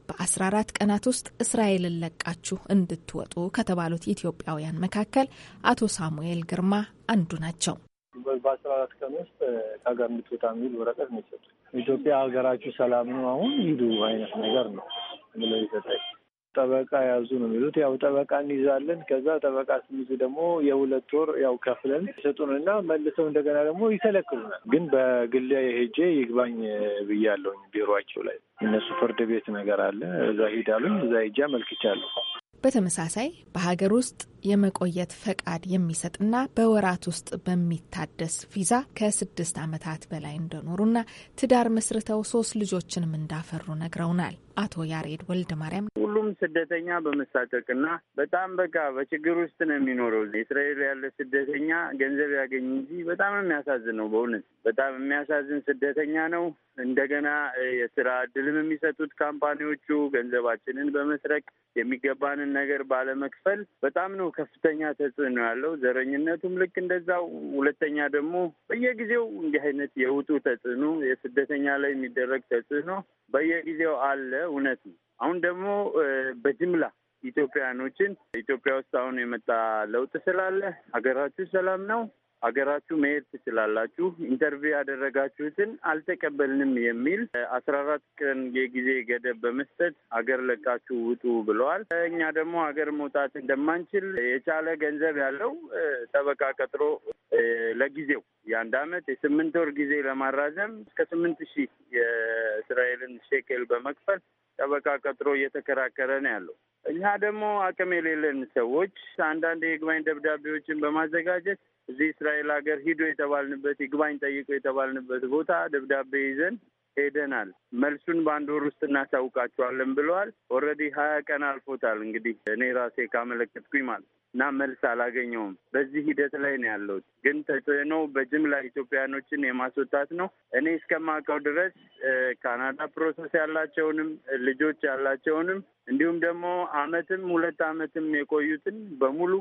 L: በ14 ቀናት ውስጥ እስራኤልን ለቃችሁ እንድትወጡ ከተባሉት ኢትዮጵያውያን መካከል አቶ ሳሙኤል ግርማ አንዱ ናቸው።
C: በአስራ አራት ቀን ውስጥ ከሀገር እንድትወጣ የሚል ወረቀት ነው የሰጡት። ኢትዮጵያ ሀገራችሁ ሰላም ነው አሁን ሂዱ አይነት ነገር ነው ብለው ይሰጣል። ጠበቃ ያዙ ነው የሚሉት። ያው ጠበቃ እንይዛለን። ከዛ ጠበቃ ስንይዝ ደግሞ የሁለት ወር ያው ከፍለን ይሰጡን እና መልሰው እንደገና ደግሞ ይከለክሉናል። ግን በግሌ ሄጄ ይግባኝ ብያለሁኝ ቢሮቸው ላይ እነሱ ፍርድ ቤት ነገር አለ እዛ ሂዳሉኝ። እዛ ሄጄ አመልክቻለሁ።
L: በተመሳሳይ በሀገር ውስጥ የመቆየት ፈቃድ የሚሰጥና በወራት ውስጥ በሚታደስ ቪዛ ከስድስት ዓመታት በላይ እንደኖሩና ትዳር መስርተው ሶስት ልጆችንም እንዳፈሩ ነግረውናል። አቶ ያሬድ ወልደ ማርያም ሁሉም
H: ስደተኛ በመሳቀቅና በጣም በቃ በችግር ውስጥ ነው የሚኖረው። እስራኤል ያለ ስደተኛ ገንዘብ ያገኝ እንጂ በጣም የሚያሳዝን ነው። በእውነት በጣም የሚያሳዝን ስደተኛ ነው። እንደገና የስራ እድልም የሚሰጡት ካምፓኒዎቹ ገንዘባችንን በመስረቅ የሚገባንን ነገር ባለመክፈል በጣም ነው ከፍተኛ ተጽዕኖ ያለው ዘረኝነቱም ልክ እንደዛው። ሁለተኛ ደግሞ በየጊዜው እንዲህ አይነት የውጡ ተጽዕኖ የስደተኛ ላይ የሚደረግ ተጽዕኖ በየጊዜው አለ፣ እውነት ነው። አሁን ደግሞ በጅምላ ኢትዮጵያኖችን ኢትዮጵያ ውስጥ አሁን የመጣ ለውጥ ስላለ ሀገራችሁ ሰላም ነው አገራችሁ መሄድ ትችላላችሁ፣ ኢንተርቪው ያደረጋችሁትን አልተቀበልንም የሚል አስራ አራት ቀን የጊዜ ገደብ በመስጠት አገር ለቃችሁ ውጡ ብለዋል። እኛ ደግሞ አገር መውጣት እንደማንችል የቻለ ገንዘብ ያለው ጠበቃ ቀጥሮ ለጊዜው የአንድ አመት የስምንት ወር ጊዜ ለማራዘም እስከ ስምንት ሺህ የእስራኤልን ሼኬል በመክፈል ጠበቃ ቀጥሮ እየተከራከረ ነው ያለው። እኛ ደግሞ አቅም የሌለን ሰዎች አንዳንድ የይግባኝ ደብዳቤዎችን በማዘጋጀት እዚህ እስራኤል ሀገር ሂዶ የተባልንበት ይግባኝ ጠይቆ የተባልንበት ቦታ ደብዳቤ ይዘን ሄደናል። መልሱን በአንድ ወር ውስጥ እናሳውቃቸዋለን ብለዋል። ኦልሬዲ ሀያ ቀን አልፎታል። እንግዲህ እኔ ራሴ ካመለከትኩኝ ማለት እና መልስ አላገኘውም። በዚህ ሂደት ላይ ነው ያለሁት። ግን ተጽዕኖ በጅምላ ኢትዮጵያያኖችን የማስወጣት ነው። እኔ እስከማውቀው ድረስ ካናዳ ፕሮሰስ ያላቸውንም ልጆች ያላቸውንም እንዲሁም ደግሞ አመትም ሁለት አመትም የቆዩትን በሙሉ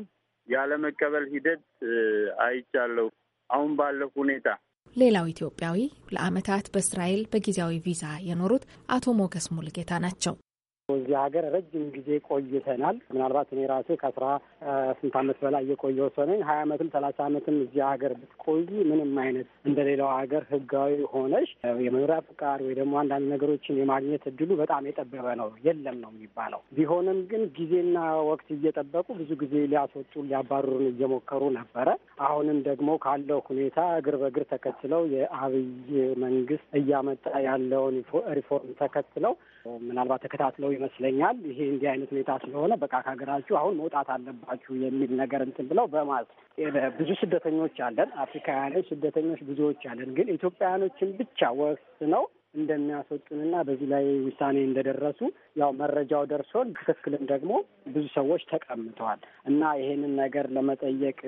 H: ያለመቀበል ሂደት አይቻለሁ አሁን ባለው ሁኔታ።
L: ሌላው ኢትዮጵያዊ ለአመታት በእስራኤል በጊዜያዊ ቪዛ የኖሩት አቶ ሞገስ ሙልጌታ ናቸው።
H: እዚህ ሀገር
M: ረጅም ጊዜ ቆይተናል። ምናልባት እኔ ራሴ ከአስራ ስንት አመት በላይ እየቆየሁ ሰው ነኝ። ሀያ አመትም ሰላሳ አመትም እዚህ ሀገር ብትቆይ ምንም አይነት እንደሌላው ሀገር ህጋዊ ሆነሽ የመኖሪያ ፍቃድ ወይ ደግሞ አንዳንድ ነገሮችን የማግኘት እድሉ በጣም የጠበበ ነው፣ የለም ነው የሚባለው። ቢሆንም ግን ጊዜና ወቅት እየጠበቁ ብዙ ጊዜ ሊያስወጡ ሊያባሩን እየሞከሩ ነበረ። አሁንም ደግሞ ካለው ሁኔታ እግር በእግር ተከትለው የአብይ መንግስት እያመጣ ያለውን ሪፎርም ተከትለው ምናልባት ተከታትለው ይመስለኛል። ይሄ እንዲህ አይነት ሁኔታ ስለሆነ በቃ ከሀገራችሁ አሁን መውጣት አለባችሁ የሚል ነገር እንትን ብለው በማለት ብዙ ስደተኞች አለን፣ አፍሪካውያኖች ስደተኞች ብዙዎች አለን። ግን ኢትዮጵያውያኖችን ብቻ ነው እንደሚያስወጡንና በዚህ ላይ ውሳኔ እንደደረሱ ያው መረጃው ደርሶን ትክክልም ደግሞ ብዙ ሰዎች ተቀምጠዋል እና ይሄንን ነገር ለመጠየቅ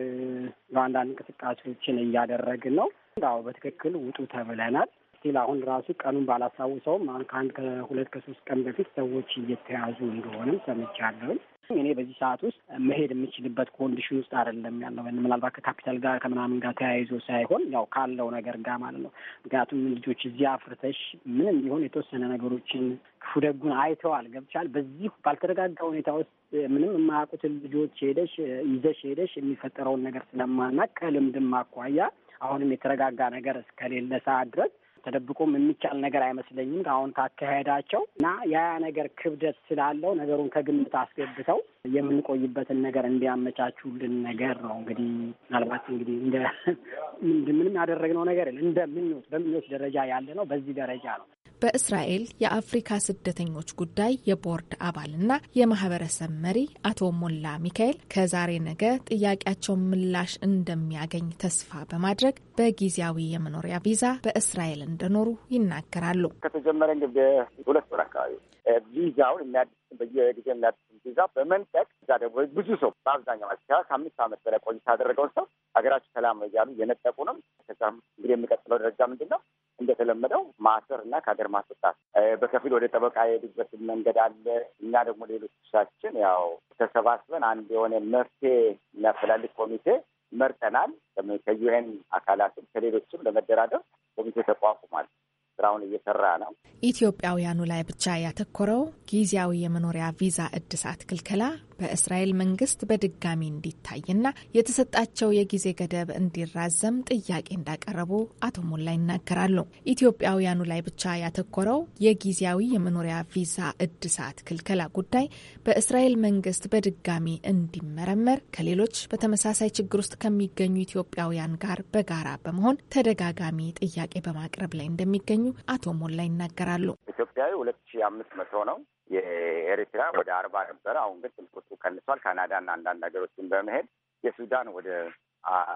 M: አንዳንድ እንቅስቃሴዎችን እያደረግን ነው። አዎ በትክክል ውጡ ተብለናል። ስቲል አሁን ራሱ ቀኑን ባላሳውሰውም አሁን ከአንድ ከሁለት ከሶስት ቀን በፊት ሰዎች እየተያዙ እንደሆነም ሰምቻለሁኝ። እኔ በዚህ ሰዓት ውስጥ መሄድ የምችልበት ኮንዲሽን ውስጥ አይደለም ያለው። ምናልባት ከካፒታል ጋር ከምናምን ጋር ተያይዞ ሳይሆን ያው ካለው ነገር ጋር ማለት ነው። ምክንያቱም ልጆች እዚህ አፍርተሽ ምንም ቢሆን የተወሰነ ነገሮችን ክፉ ደጉን አይተዋል፣ ገብቻል። በዚህ ባልተረጋጋ ሁኔታ ውስጥ ምንም የማያውቁትን ልጆች ሄደሽ ይዘሽ ሄደሽ የሚፈጠረውን ነገር ስለማናቅ ከልምድም አኳያ አሁንም የተረጋጋ ነገር እስከሌለ ሰዓት ድረስ ተደብቆም የሚቻል ነገር አይመስለኝም። አሁን ካካሄዳቸው እና ያ ነገር ክብደት ስላለው ነገሩን ከግምት አስገብተው የምንቆይበትን ነገር እንዲያመቻቹልን ነገር ነው። እንግዲህ ምናልባት እንግዲህ እንደ ምንም ያደረግነው ነገር እንደ ምኞት በምኞት ደረጃ ያለ ነው። በዚህ ደረጃ ነው።
L: በእስራኤል የአፍሪካ ስደተኞች ጉዳይ የቦርድ አባልና የማህበረሰብ መሪ አቶ ሞላ ሚካኤል ከዛሬ ነገ ጥያቄያቸው ምላሽ እንደሚያገኝ ተስፋ በማድረግ በጊዜያዊ የመኖሪያ ቪዛ በእስራኤል እንደኖሩ ይናገራሉ።
N: ከተጀመረ እንግዲህ ሁለት ወር አካባቢ ቪዛውን በየጊዜ የሚያድስ ቪዛ በመንጠቅ እዛ ደግሞ ብዙ ሰው በአብዛኛው ከ ከአምስት ዓመት በላይ ቆይታ ያደረገውን ሰው ሀገራችን ሰላም እያሉ እየነጠቁ ነው። ከዛም እንግዲህ የሚቀጥለው ደረጃ ምንድን ነው? እንደተለመደው ማሰር እና ከሀገር ማስወጣት በከፊል ወደ ጠበቃ የሄዱበት መንገድ አለ። እኛ ደግሞ ሌሎቻችን ያው ተሰባስበን አንድ የሆነ መፍትሄ የሚያፈላልግ ኮሚቴ መርጠናል። ከዩኤን አካላትም ከሌሎችም ለመደራደር ኮሚቴ ተቋቁሟል። ስራውን እየሰራ ነው።
L: ኢትዮጵያውያኑ ላይ ብቻ ያተኮረው ጊዜያዊ የመኖሪያ ቪዛ እድሳት ክልከላ በእስራኤል መንግስት በድጋሚ እንዲታይና የተሰጣቸው የጊዜ ገደብ እንዲራዘም ጥያቄ እንዳቀረቡ አቶ ሞላ ይናገራሉ። ኢትዮጵያውያኑ ላይ ብቻ ያተኮረው የጊዜያዊ የመኖሪያ ቪዛ እድሳት ክልከላ ጉዳይ በእስራኤል መንግስት በድጋሚ እንዲመረመር ከሌሎች በተመሳሳይ ችግር ውስጥ ከሚገኙ ኢትዮጵያውያን ጋር በጋራ በመሆን ተደጋጋሚ ጥያቄ በማቅረብ ላይ እንደሚገኙ እንደሚገኙ አቶ ሞላ ይናገራሉ።
N: ኢትዮጵያዊ ሁለት ሺ አምስት መቶ ነው። የኤርትራ ወደ አርባ ነበረ። አሁን ግን ቁጥሩ ቀንሷል። ካናዳና አንዳንድ ሀገሮችን በመሄድ የሱዳን ወደ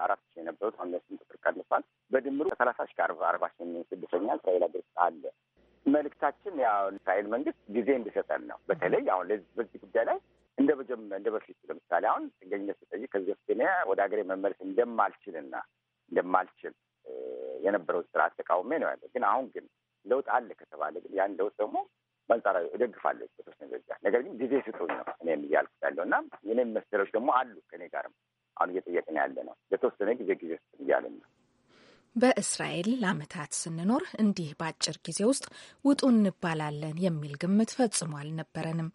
N: አራት ሺ የነበሩት አሁን እነሱም ቁጥር ቀንሷል። በድምሩ ከሰላሳ ሺ ከአርባ አርባ ሺ የሚሆን ስደተኛ እስራኤል ሀገር ውስጥ አለ። መልእክታችን ያው እስራኤል መንግስት ጊዜ እንዲሰጠን ነው። በተለይ አሁን በዚህ ጉዳይ ላይ እንደ በጀመ እንደ በፊት ለምሳሌ አሁን ጥገኝነት ስጠይቅ ከዚህ በፊት ወደ ሀገሬ መመለስ እንደማልችልና እንደማልችል የነበረው ስርዓት ተቃውሜ ነው ያለው። ግን አሁን ግን ለውጥ አለ ከተባለ ግን ያን ለውጥ ደግሞ በአንጻራዊ እደግፋለች በተወሰነ ደረጃ። ነገር ግን ጊዜ ስጡኝ ነው እኔም እያልኩት ያለው እና የኔም መሰሎች ደግሞ አሉ ከኔ ጋርም አሁን እየጠየቅን ያለ ነው። ለተወሰነ ጊዜ ጊዜ ስጡኝ እያለን ነው
L: በእስራኤል ለአመታት ስንኖር እንዲህ በአጭር ጊዜ ውስጥ ውጡ እንባላለን የሚል ግምት ፈጽሞ አልነበረንም።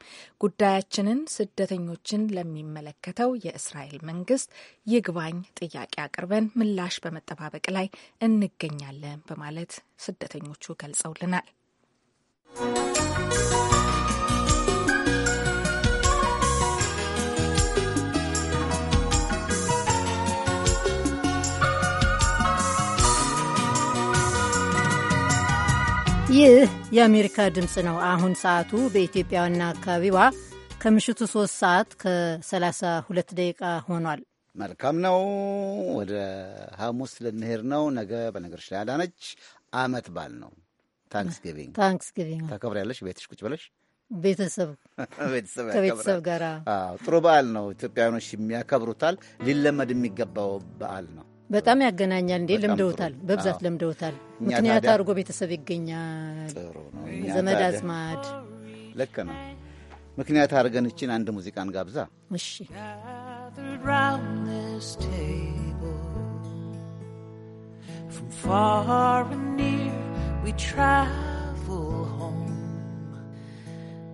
L: ጉዳያችንን ስደተኞችን ለሚመለከተው የእስራኤል መንግስት ይግባኝ ጥያቄ አቅርበን ምላሽ በመጠባበቅ ላይ እንገኛለን በማለት ስደተኞቹ ገልጸውልናል።
B: ይህ የአሜሪካ ድምፅ ነው። አሁን ሰዓቱ በኢትዮጵያና አካባቢዋ ከምሽቱ 3 ሰዓት ከ32 ደቂቃ ሆኗል።
A: መልካም ነው። ወደ ሐሙስ ልንሄድ ነው። ነገ በነገሮች ላይ አዳነች አመት ባል ነው። ታንክስጊቪንግ
B: ታንክስጊቪንግ
A: ታከብሪያለሽ? ቤትሽ ቁጭ ብለሽ ቤተሰብ ከቤተሰብ ጋር ጥሩ በዓል ነው። ኢትዮጵያውያኖች የሚያከብሩታል። ሊለመድ የሚገባው በዓል ነው።
B: በጣም ያገናኛል እንዴ! ለምደውታል፣ በብዛት ለምደውታል። ምክንያት አድርጎ ቤተሰብ ይገኛል፣ ዘመድ አዝማድ።
A: ልክ ነው። ምክንያት አድርገን እችን አንድ ሙዚቃን ጋብዛ።
O: እሺ From far and near we travel home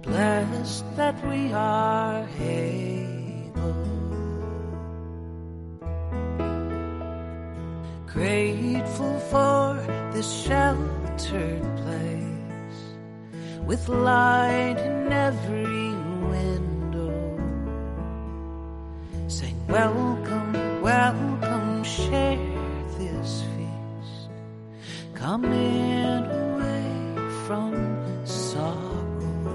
O: Blessed that we are able
F: Grateful for this sheltered place with light in every window.
O: Say, welcome, welcome, share this feast. Come in away from sorrow.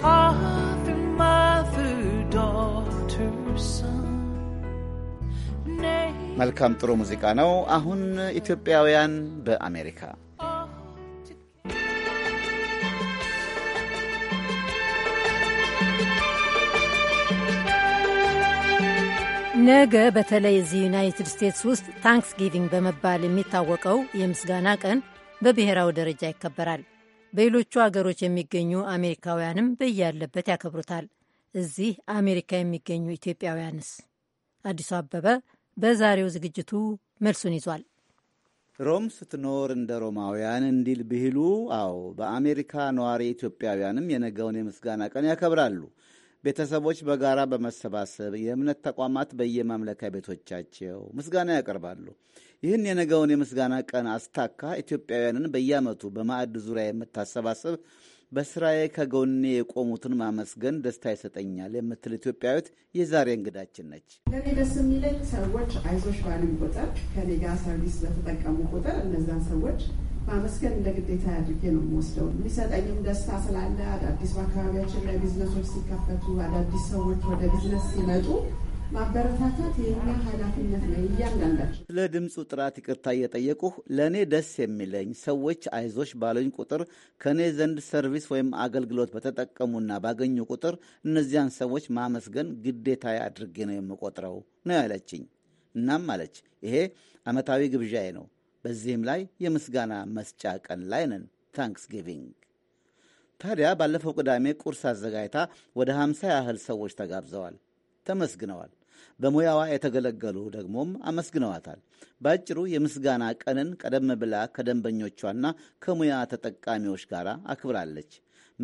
F: Father, mother, daughter, son.
A: መልካም ጥሩ ሙዚቃ ነው። አሁን ኢትዮጵያውያን በአሜሪካ
B: ነገ በተለይ እዚህ ዩናይትድ ስቴትስ ውስጥ ታንክስ ጊቪንግ በመባል የሚታወቀው የምስጋና ቀን በብሔራዊ ደረጃ ይከበራል። በሌሎቹ አገሮች የሚገኙ አሜሪካውያንም በያለበት ያከብሩታል። እዚህ አሜሪካ የሚገኙ ኢትዮጵያውያንስ? አዲሱ አበበ በዛሬው ዝግጅቱ መልሱን ይዟል።
A: ሮም ስትኖር እንደ ሮማውያን እንዲል ብሂሉ። አዎ በአሜሪካ ነዋሪ ኢትዮጵያውያንም የነገውን የምስጋና ቀን ያከብራሉ። ቤተሰቦች በጋራ በመሰባሰብ የእምነት ተቋማት በየማምለኪያ ቤቶቻቸው ምስጋና ያቀርባሉ። ይህን የነገውን የምስጋና ቀን አስታካ ኢትዮጵያውያንን በየዓመቱ በማዕድ ዙሪያ የምታሰባስብ በስራዬ ከጎኔ የቆሙትን ማመስገን ደስታ ይሰጠኛል የምትል ኢትዮጵያዊት የዛሬ እንግዳችን ነች።
P: ለእኔ ደስ የሚለኝ ሰዎች አይዞች ባልን ቁጥር ከኔ ጋር ሰርቪስ በተጠቀሙ ቁጥር እነዛን ሰዎች ማመስገን እንደ ግዴታ አድርጌ ነው የምወስደው። የሚሰጠኝም ደስታ ስላለ አዳዲስ በአካባቢያችን ላይ ቢዝነሶች ሲከፈቱ፣ አዳዲስ
L: ሰዎች ወደ ቢዝነስ ሲመጡ ማበረታታት የኛ ኃላፊነት ነው እያንዳንዳቸው።
A: ስለ ድምፁ ጥራት ይቅርታ እየጠየቁህ ለእኔ ደስ የሚለኝ ሰዎች አይዞሽ ባለኝ ቁጥር ከእኔ ዘንድ ሰርቪስ ወይም አገልግሎት በተጠቀሙና ባገኙ ቁጥር እነዚያን ሰዎች ማመስገን ግዴታ አድርጌ ነው የምቆጥረው ነው ያለችኝ። እናም አለች ይሄ ዓመታዊ ግብዣዬ ነው። በዚህም ላይ የምስጋና መስጫ ቀን ላይ ነን ታንክስጊቪንግ። ታዲያ ባለፈው ቅዳሜ ቁርስ አዘጋጅታ ወደ ሃምሳ ያህል ሰዎች ተጋብዘዋል፣ ተመስግነዋል። በሙያዋ የተገለገሉ ደግሞም አመስግነዋታል። በአጭሩ የምስጋና ቀንን ቀደም ብላ ከደንበኞቿና ከሙያ ተጠቃሚዎች ጋር አክብራለች።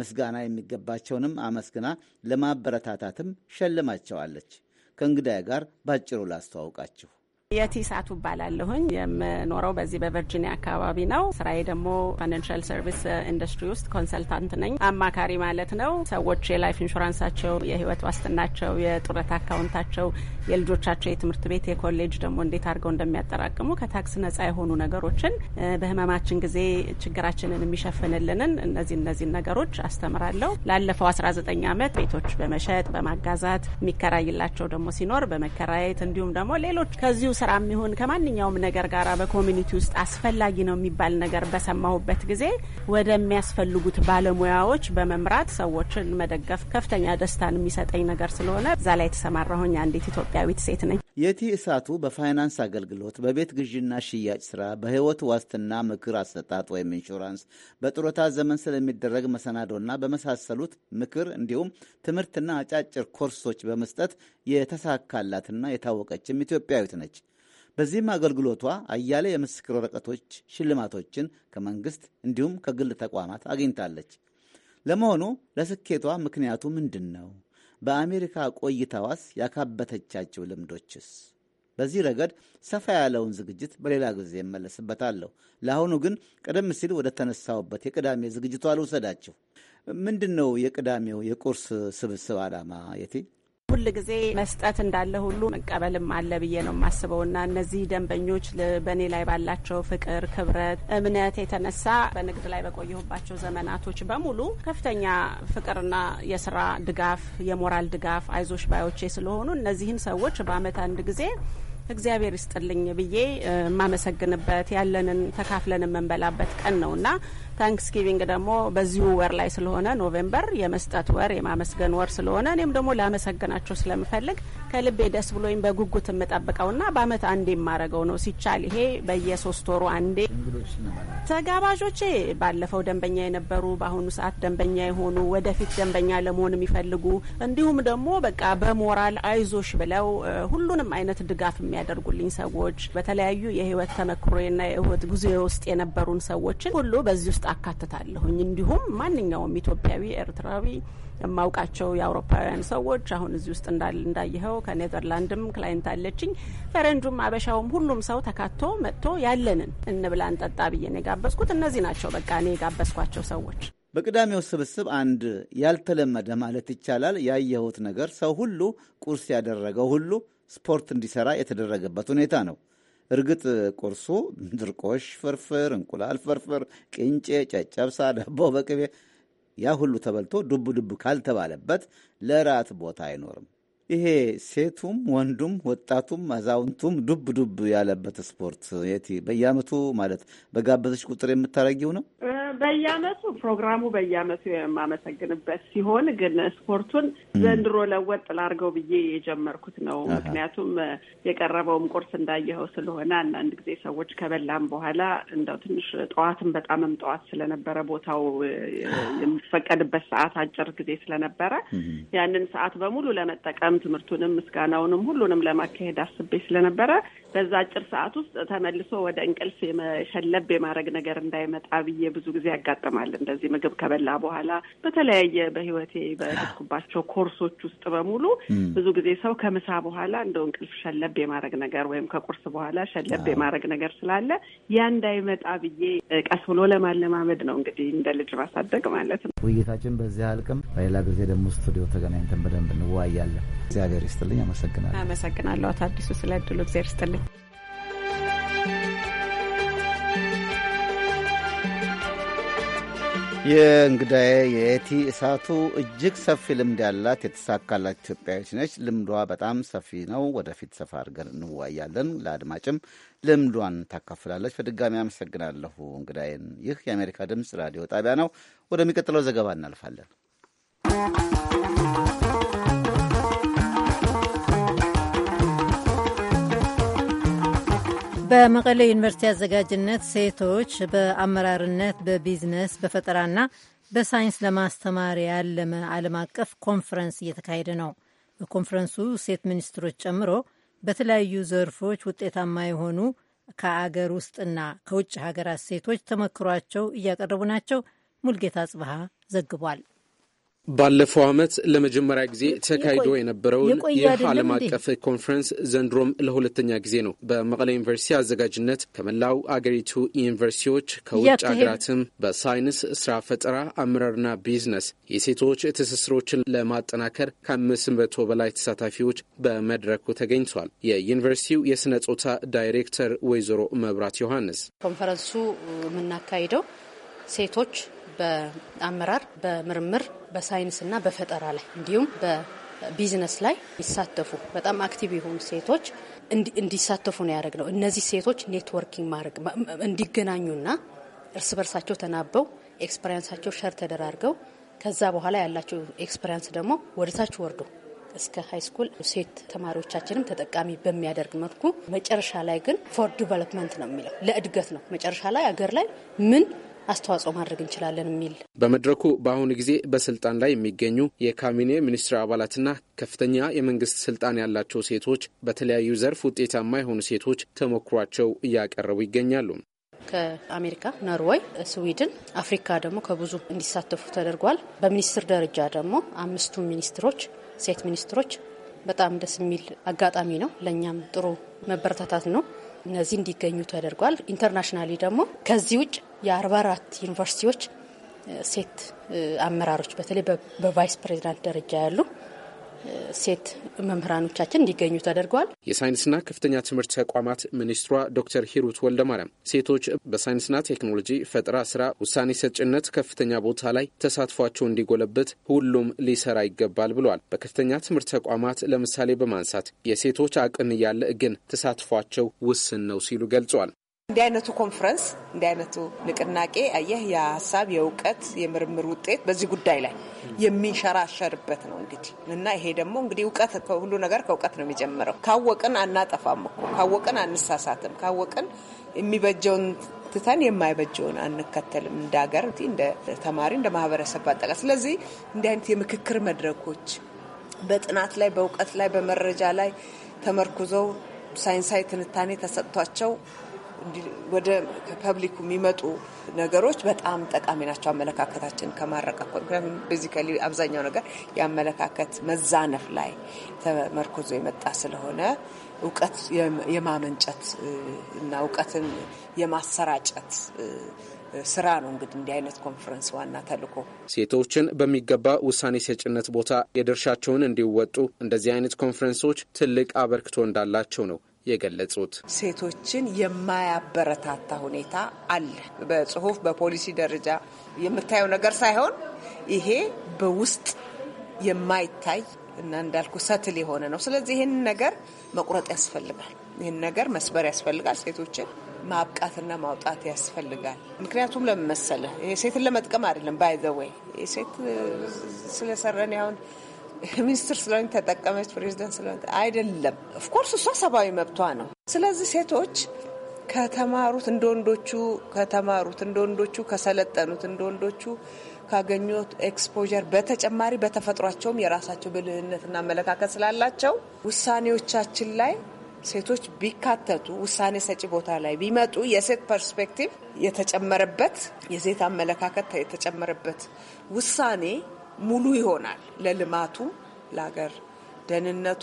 A: ምስጋና የሚገባቸውንም አመስግና ለማበረታታትም ሸልማቸዋለች። ከእንግዳይ ጋር ባጭሩ ላስተዋውቃችሁ።
P: የቲሳቱ እባላለሁኝ የምኖረው በዚህ በቨርጂኒያ አካባቢ ነው። ስራዬ ደግሞ ፋይናንሻል ሰርቪስ ኢንዱስትሪ ውስጥ ኮንሰልታንት ነኝ፣ አማካሪ ማለት ነው። ሰዎች የላይፍ ኢንሹራንሳቸው፣ የህይወት ዋስትናቸው፣ የጡረት አካውንታቸው፣ የልጆቻቸው የትምህርት ቤት የኮሌጅ ደግሞ እንዴት አድርገው እንደሚያጠራቅሙ ከታክስ ነጻ የሆኑ ነገሮችን በህመማችን ጊዜ ችግራችንን የሚሸፍንልንን እነዚህ እነዚህን ነገሮች አስተምራለሁ። ላለፈው 19 ዓመት ቤቶች በመሸጥ በማጋዛት የሚከራይላቸው ደግሞ ሲኖር በመከራየት እንዲሁም ደግሞ ሌሎች ከዚሁ ስራ የሚሆን ከማንኛውም ነገር ጋር በኮሚኒቲ ውስጥ አስፈላጊ ነው የሚባል ነገር በሰማሁበት ጊዜ ወደሚያስፈልጉት ባለሙያዎች በመምራት ሰዎችን መደገፍ ከፍተኛ ደስታን የሚሰጠኝ ነገር ስለሆነ እዛ ላይ የተሰማራሁኝ አንዲት ኢትዮጵያዊት ሴት ነኝ።
A: የቲ እሳቱ በፋይናንስ አገልግሎት፣ በቤት ግዥና ሽያጭ ስራ፣ በህይወት ዋስትና ምክር አሰጣጥ ወይም ኢንሹራንስ፣ በጥሮታ ዘመን ስለሚደረግ መሰናዶና በመሳሰሉት ምክር እንዲሁም ትምህርትና አጫጭር ኮርሶች በመስጠት የተሳካላትና የታወቀችም ኢትዮጵያዊት ነች። በዚህም አገልግሎቷ አያሌ የምስክር ወረቀቶች ሽልማቶችን ከመንግስት እንዲሁም ከግል ተቋማት አግኝታለች። ለመሆኑ ለስኬቷ ምክንያቱ ምንድን ነው? በአሜሪካ ቆይታዋስ ያካበተቻቸው ልምዶችስ? በዚህ ረገድ ሰፋ ያለውን ዝግጅት በሌላ ጊዜ እመለስበታለሁ። ለአሁኑ ግን ቀደም ሲል ወደ ተነሳውበት የቅዳሜ ዝግጅቷ አልውሰዳችሁ። ምንድን ነው የቅዳሜው የቁርስ ስብስብ ዓላማ የቴ
P: ሁል ጊዜ መስጠት እንዳለ ሁሉ መቀበልም አለ ብዬ ነው የማስበው እና እነዚህ ደንበኞች በእኔ ላይ ባላቸው ፍቅር፣ ክብረት፣ እምነት የተነሳ በንግድ ላይ በቆየሁባቸው ዘመናቶች በሙሉ ከፍተኛ ፍቅርና የስራ ድጋፍ፣ የሞራል ድጋፍ አይዞሽ ባዮቼ ስለሆኑ እነዚህን ሰዎች በአመት አንድ ጊዜ እግዚአብሔር ይስጥልኝ ብዬ የማመሰግንበት ያለንን ተካፍለን የምንበላበት ቀን ነውና ታንክስጊቪንግ ደግሞ በዚሁ ወር ላይ ስለሆነ ኖቬምበር የመስጠት ወር የማመስገን ወር ስለሆነ እኔም ደግሞ ላመሰገናቸው ስለምፈልግ ከልቤ ደስ ብሎኝ በጉጉት የምጠብቀው ና በአመት አንዴ የማረገው ነው ሲቻል ይሄ በየሶስት ወሩ አንዴ። ተጋባዦቼ ባለፈው ደንበኛ የነበሩ በአሁኑ ሰዓት ደንበኛ የሆኑ ወደፊት ደንበኛ ለመሆን የሚፈልጉ እንዲሁም ደግሞ በቃ በሞራል አይዞሽ ብለው ሁሉንም አይነት ድጋፍ የሚያደርጉልኝ ሰዎች በተለያዩ የህይወት ተመክሮና የህይወት ጉዞ ውስጥ የነበሩን ሰዎችን ሁሉ በዚህ ውስጥ አካትታለሁኝ። እንዲሁም ማንኛውም ኢትዮጵያዊ፣ ኤርትራዊ የማውቃቸው የአውሮፓውያን ሰዎች አሁን እዚህ ውስጥ እንዳየኸው ከኔዘርላንድም ክላይንት አለችኝ። ፈረንጁም፣ አበሻውም ሁሉም ሰው ተካቶ መጥቶ ያለንን እንብላ እንጠጣ ብዬን የጋበዝኩት እነዚህ ናቸው። በቃ እኔ የጋበዝኳቸው ሰዎች።
A: በቅዳሜው ስብስብ አንድ ያልተለመደ ማለት ይቻላል ያየሁት ነገር ሰው ሁሉ ቁርስ ያደረገው ሁሉ ስፖርት እንዲሰራ የተደረገበት ሁኔታ ነው። እርግጥ ቁርሱ ድርቆሽ ፍርፍር፣ እንቁላል ፍርፍር፣ ቅንጬ፣ ጨጨብሳ፣ ዳቦ በቅቤ ያ ሁሉ ተበልቶ ዱብ ዱብ ካልተባለበት ለራት ቦታ አይኖርም። ይሄ ሴቱም ወንዱም ወጣቱም አዛውንቱም ዱብ ዱብ ያለበት ስፖርት የት በየአመቱ ማለት በጋበዘች ቁጥር የምታረጊው ነው?
F: በየዓመቱ
P: ፕሮግራሙ በየአመቱ የማመሰግንበት ሲሆን ግን ስፖርቱን ዘንድሮ ለወጥ ላድርገው ብዬ የጀመርኩት ነው። ምክንያቱም የቀረበውም ቁርስ እንዳየኸው ስለሆነ አንዳንድ ጊዜ ሰዎች ከበላም በኋላ እንደው ትንሽ ጠዋትን በጣምም ጠዋት ስለነበረ ቦታው የሚፈቀድበት ሰዓት አጭር ጊዜ ስለነበረ ያንን ሰዓት በሙሉ ለመጠቀም በጣም ትምህርቱንም ምስጋናውንም ሁሉንም ለማካሄድ አስቤ ስለነበረ በዛ አጭር ሰዓት ውስጥ ተመልሶ ወደ እንቅልፍ የመሸለብ የማድረግ ነገር እንዳይመጣ ብዬ ብዙ ጊዜ ያጋጥማል። እንደዚህ ምግብ ከበላ በኋላ በተለያየ በህይወቴ በሄድኩባቸው ኮርሶች ውስጥ በሙሉ ብዙ ጊዜ ሰው ከምሳ በኋላ እንደው እንቅልፍ ሸለብ የማድረግ ነገር ወይም ከቁርስ በኋላ ሸለብ የማድረግ ነገር ስላለ ያ እንዳይመጣ ብዬ ቀስ ብሎ ለማለማመድ ነው እንግዲህ እንደ ልጅ ማሳደግ ማለት ነው።
A: ውይይታችን በዚህ አልቅም። በሌላ ጊዜ ደግሞ ስቱዲዮ ተገናኝተን በደንብ እንወያያለን። እግዚአብሔር ይስጥልኝ። አመሰግናለሁ።
P: አመሰግናለሁ አቶ አዲሱ ስለ እድሉ። እግዚአብሔር ይስጥልኝ።
A: የእንግዳዬ የኤቲ እሳቱ እጅግ ሰፊ ልምድ ያላት የተሳካላት ኢትዮጵያዊት ነች። ልምዷ በጣም ሰፊ ነው። ወደፊት ሰፋ አድርገን እንዋያለን። ለአድማጭም ልምዷን ታካፍላለች። በድጋሚ አመሰግናለሁ እንግዳዬን። ይህ የአሜሪካ ድምፅ ራዲዮ ጣቢያ ነው። ወደሚቀጥለው ዘገባ እናልፋለን።
B: በመቀሌ ዩኒቨርሲቲ አዘጋጅነት ሴቶች በአመራርነት፣ በቢዝነስ፣ በፈጠራና በሳይንስ ለማስተማር ያለመ ዓለም አቀፍ ኮንፈረንስ እየተካሄደ ነው። በኮንፈረንሱ ሴት ሚኒስትሮች ጨምሮ በተለያዩ ዘርፎች ውጤታማ የሆኑ ከአገር ውስጥና ከውጭ ሀገራት ሴቶች ተመክሯቸው እያቀረቡ ናቸው። ሙልጌታ ጽብሃ ዘግቧል።
Q: ባለፈው ዓመት ለመጀመሪያ ጊዜ ተካሂዶ የነበረውን ይህ ዓለም አቀፍ ኮንፈረንስ ዘንድሮም ለሁለተኛ ጊዜ ነው በመቀለ ዩኒቨርሲቲ አዘጋጅነት ከመላው አገሪቱ ዩኒቨርሲቲዎች ከውጭ ሀገራትም በሳይንስ ስራ ፈጠራ፣ አመራርና ቢዝነስ የሴቶች ትስስሮችን ለማጠናከር ከአምስት መቶ በላይ ተሳታፊዎች በመድረኩ ተገኝተዋል። የዩኒቨርሲቲው የስነ ጾታ ዳይሬክተር ወይዘሮ መብራት ዮሐንስ
R: ኮንፈረንሱ የምናካሂደው ሴቶች በአመራር በምርምር በሳይንስና በፈጠራ ላይ እንዲሁም በቢዝነስ ላይ ይሳተፉ በጣም አክቲቭ የሆኑ ሴቶች እንዲሳተፉ ነው ያደረግ ነው። እነዚህ ሴቶች ኔትወርኪንግ ማድረግ እንዲገናኙና እርስ በርሳቸው ተናበው ኤክስፐሪንሳቸው ሸር ተደራርገው ከዛ በኋላ ያላቸው ኤክስፐሪንስ ደግሞ ወደታች ወርዶ እስከ ሀይ ስኩል ሴት ተማሪዎቻችንም ተጠቃሚ በሚያደርግ መልኩ መጨረሻ ላይ ግን ፎር ዲቨሎፕመንት ነው የሚለው ለእድገት ነው። መጨረሻ ላይ አገር ላይ ምን አስተዋጽኦ ማድረግ እንችላለን የሚል
Q: በመድረኩ በአሁኑ ጊዜ በስልጣን ላይ የሚገኙ የካቢኔ ሚኒስትር አባላትና ከፍተኛ የመንግስት ስልጣን ያላቸው ሴቶች በተለያዩ ዘርፍ ውጤታማ የሆኑ ሴቶች ተሞክሯቸው እያቀረቡ ይገኛሉ።
R: ከአሜሪካ፣ ኖርዌይ፣ ስዊድን፣ አፍሪካ ደግሞ ከብዙ እንዲሳተፉ ተደርጓል። በሚኒስትር ደረጃ ደግሞ አምስቱ ሚኒስትሮች ሴት ሚኒስትሮች በጣም ደስ የሚል አጋጣሚ ነው። ለእኛም ጥሩ መበረታታት ነው። እነዚህ እንዲገኙ ተደርጓል። ኢንተርናሽናሊ ደግሞ ከዚህ ውጭ የአርባ አራት ዩኒቨርሲቲዎች ሴት አመራሮች በተለይ በቫይስ ፕሬዚዳንት ደረጃ ያሉ ሴት መምህራኖቻችን እንዲገኙ ተደርገዋል።
Q: የሳይንስና ከፍተኛ ትምህርት ተቋማት ሚኒስትሯ ዶክተር ሂሩት ወልደማርያም ሴቶች በሳይንስና ቴክኖሎጂ ፈጠራ ስራ፣ ውሳኔ ሰጭነት ከፍተኛ ቦታ ላይ ተሳትፏቸው እንዲጎለበት ሁሉም ሊሰራ ይገባል ብለል። በከፍተኛ ትምህርት ተቋማት ለምሳሌ በማንሳት የሴቶች አቅም እያለ ግን ተሳትፏቸው ውስን ነው ሲሉ ገልጸዋል።
F: እንዲህ አይነቱ ኮንፈረንስ እንዲህ አይነቱ ንቅናቄ አየህ የሀሳብ የእውቀት የምርምር ውጤት በዚህ ጉዳይ ላይ የሚንሸራሸርበት ነው እንግዲህ እና ይሄ ደግሞ እንግዲህ እውቀት ሁሉ ነገር ከእውቀት ነው የሚጀምረው። ካወቅን አናጠፋም እኮ ካወቅን አንሳሳትም። ካወቅን የሚበጀውን ትተን የማይበጀውን አንከተልም። እንደ ሀገር እንደ ተማሪ እንደ ማህበረሰብ ባጠቃ። ስለዚህ እንዲህ አይነት የምክክር መድረኮች በጥናት ላይ በእውቀት ላይ በመረጃ ላይ ተመርኩዘው ሳይንሳዊ ትንታኔ ተሰጥቷቸው ወደ ፐብሊኩ የሚመጡ ነገሮች በጣም ጠቃሚ ናቸው። አመለካከታችን ከማረቅ ምክንያቱም አብዛኛው ነገር የአመለካከት መዛነፍ ላይ ተመርኮዞ የመጣ ስለሆነ እውቀት የማመንጨት እና እውቀትን የማሰራጨት ስራ ነው። እንግዲህ እንዲህ አይነት ኮንፈረንስ ዋና ተልዕኮ
Q: ሴቶችን በሚገባ ውሳኔ ሰጭነት ቦታ የድርሻቸውን እንዲወጡ እንደዚህ አይነት ኮንፈረንሶች ትልቅ አበርክቶ እንዳላቸው ነው የገለጹት።
F: ሴቶችን የማያበረታታ ሁኔታ አለ። በጽሁፍ በፖሊሲ ደረጃ የምታየው ነገር ሳይሆን ይሄ በውስጥ የማይታይ እና እንዳልኩ ሰትል የሆነ ነው። ስለዚህ ይህንን ነገር መቁረጥ ያስፈልጋል። ይህን ነገር መስበር ያስፈልጋል። ሴቶችን ማብቃትና ማውጣት ያስፈልጋል። ምክንያቱም ለምን መሰለህ ሴትን ለመጥቀም አይደለም። ባይ ዘ ወይ ሴት ስለሰረን ያሁን ሚኒስትር ስለሆነ ተጠቀመች፣ ፕሬዚደንት ስለሆነ አይደለም። ኦፍኮርስ እሷ ሰብአዊ መብቷ ነው። ስለዚህ ሴቶች ከተማሩት እንደ ወንዶቹ ከተማሩት እንደ ወንዶቹ ከሰለጠኑት እንደ ወንዶቹ ካገኙት ኤክስፖዠር በተጨማሪ በተፈጥሯቸውም የራሳቸው ብልህነትና አመለካከት ስላላቸው ውሳኔዎቻችን ላይ ሴቶች ቢካተቱ ውሳኔ ሰጪ ቦታ ላይ ቢመጡ የሴት ፐርስፔክቲቭ የተጨመረበት የሴት አመለካከት የተጨመረበት ውሳኔ ሙሉ ይሆናል። ለልማቱ፣ ለሀገር ደህንነቱ፣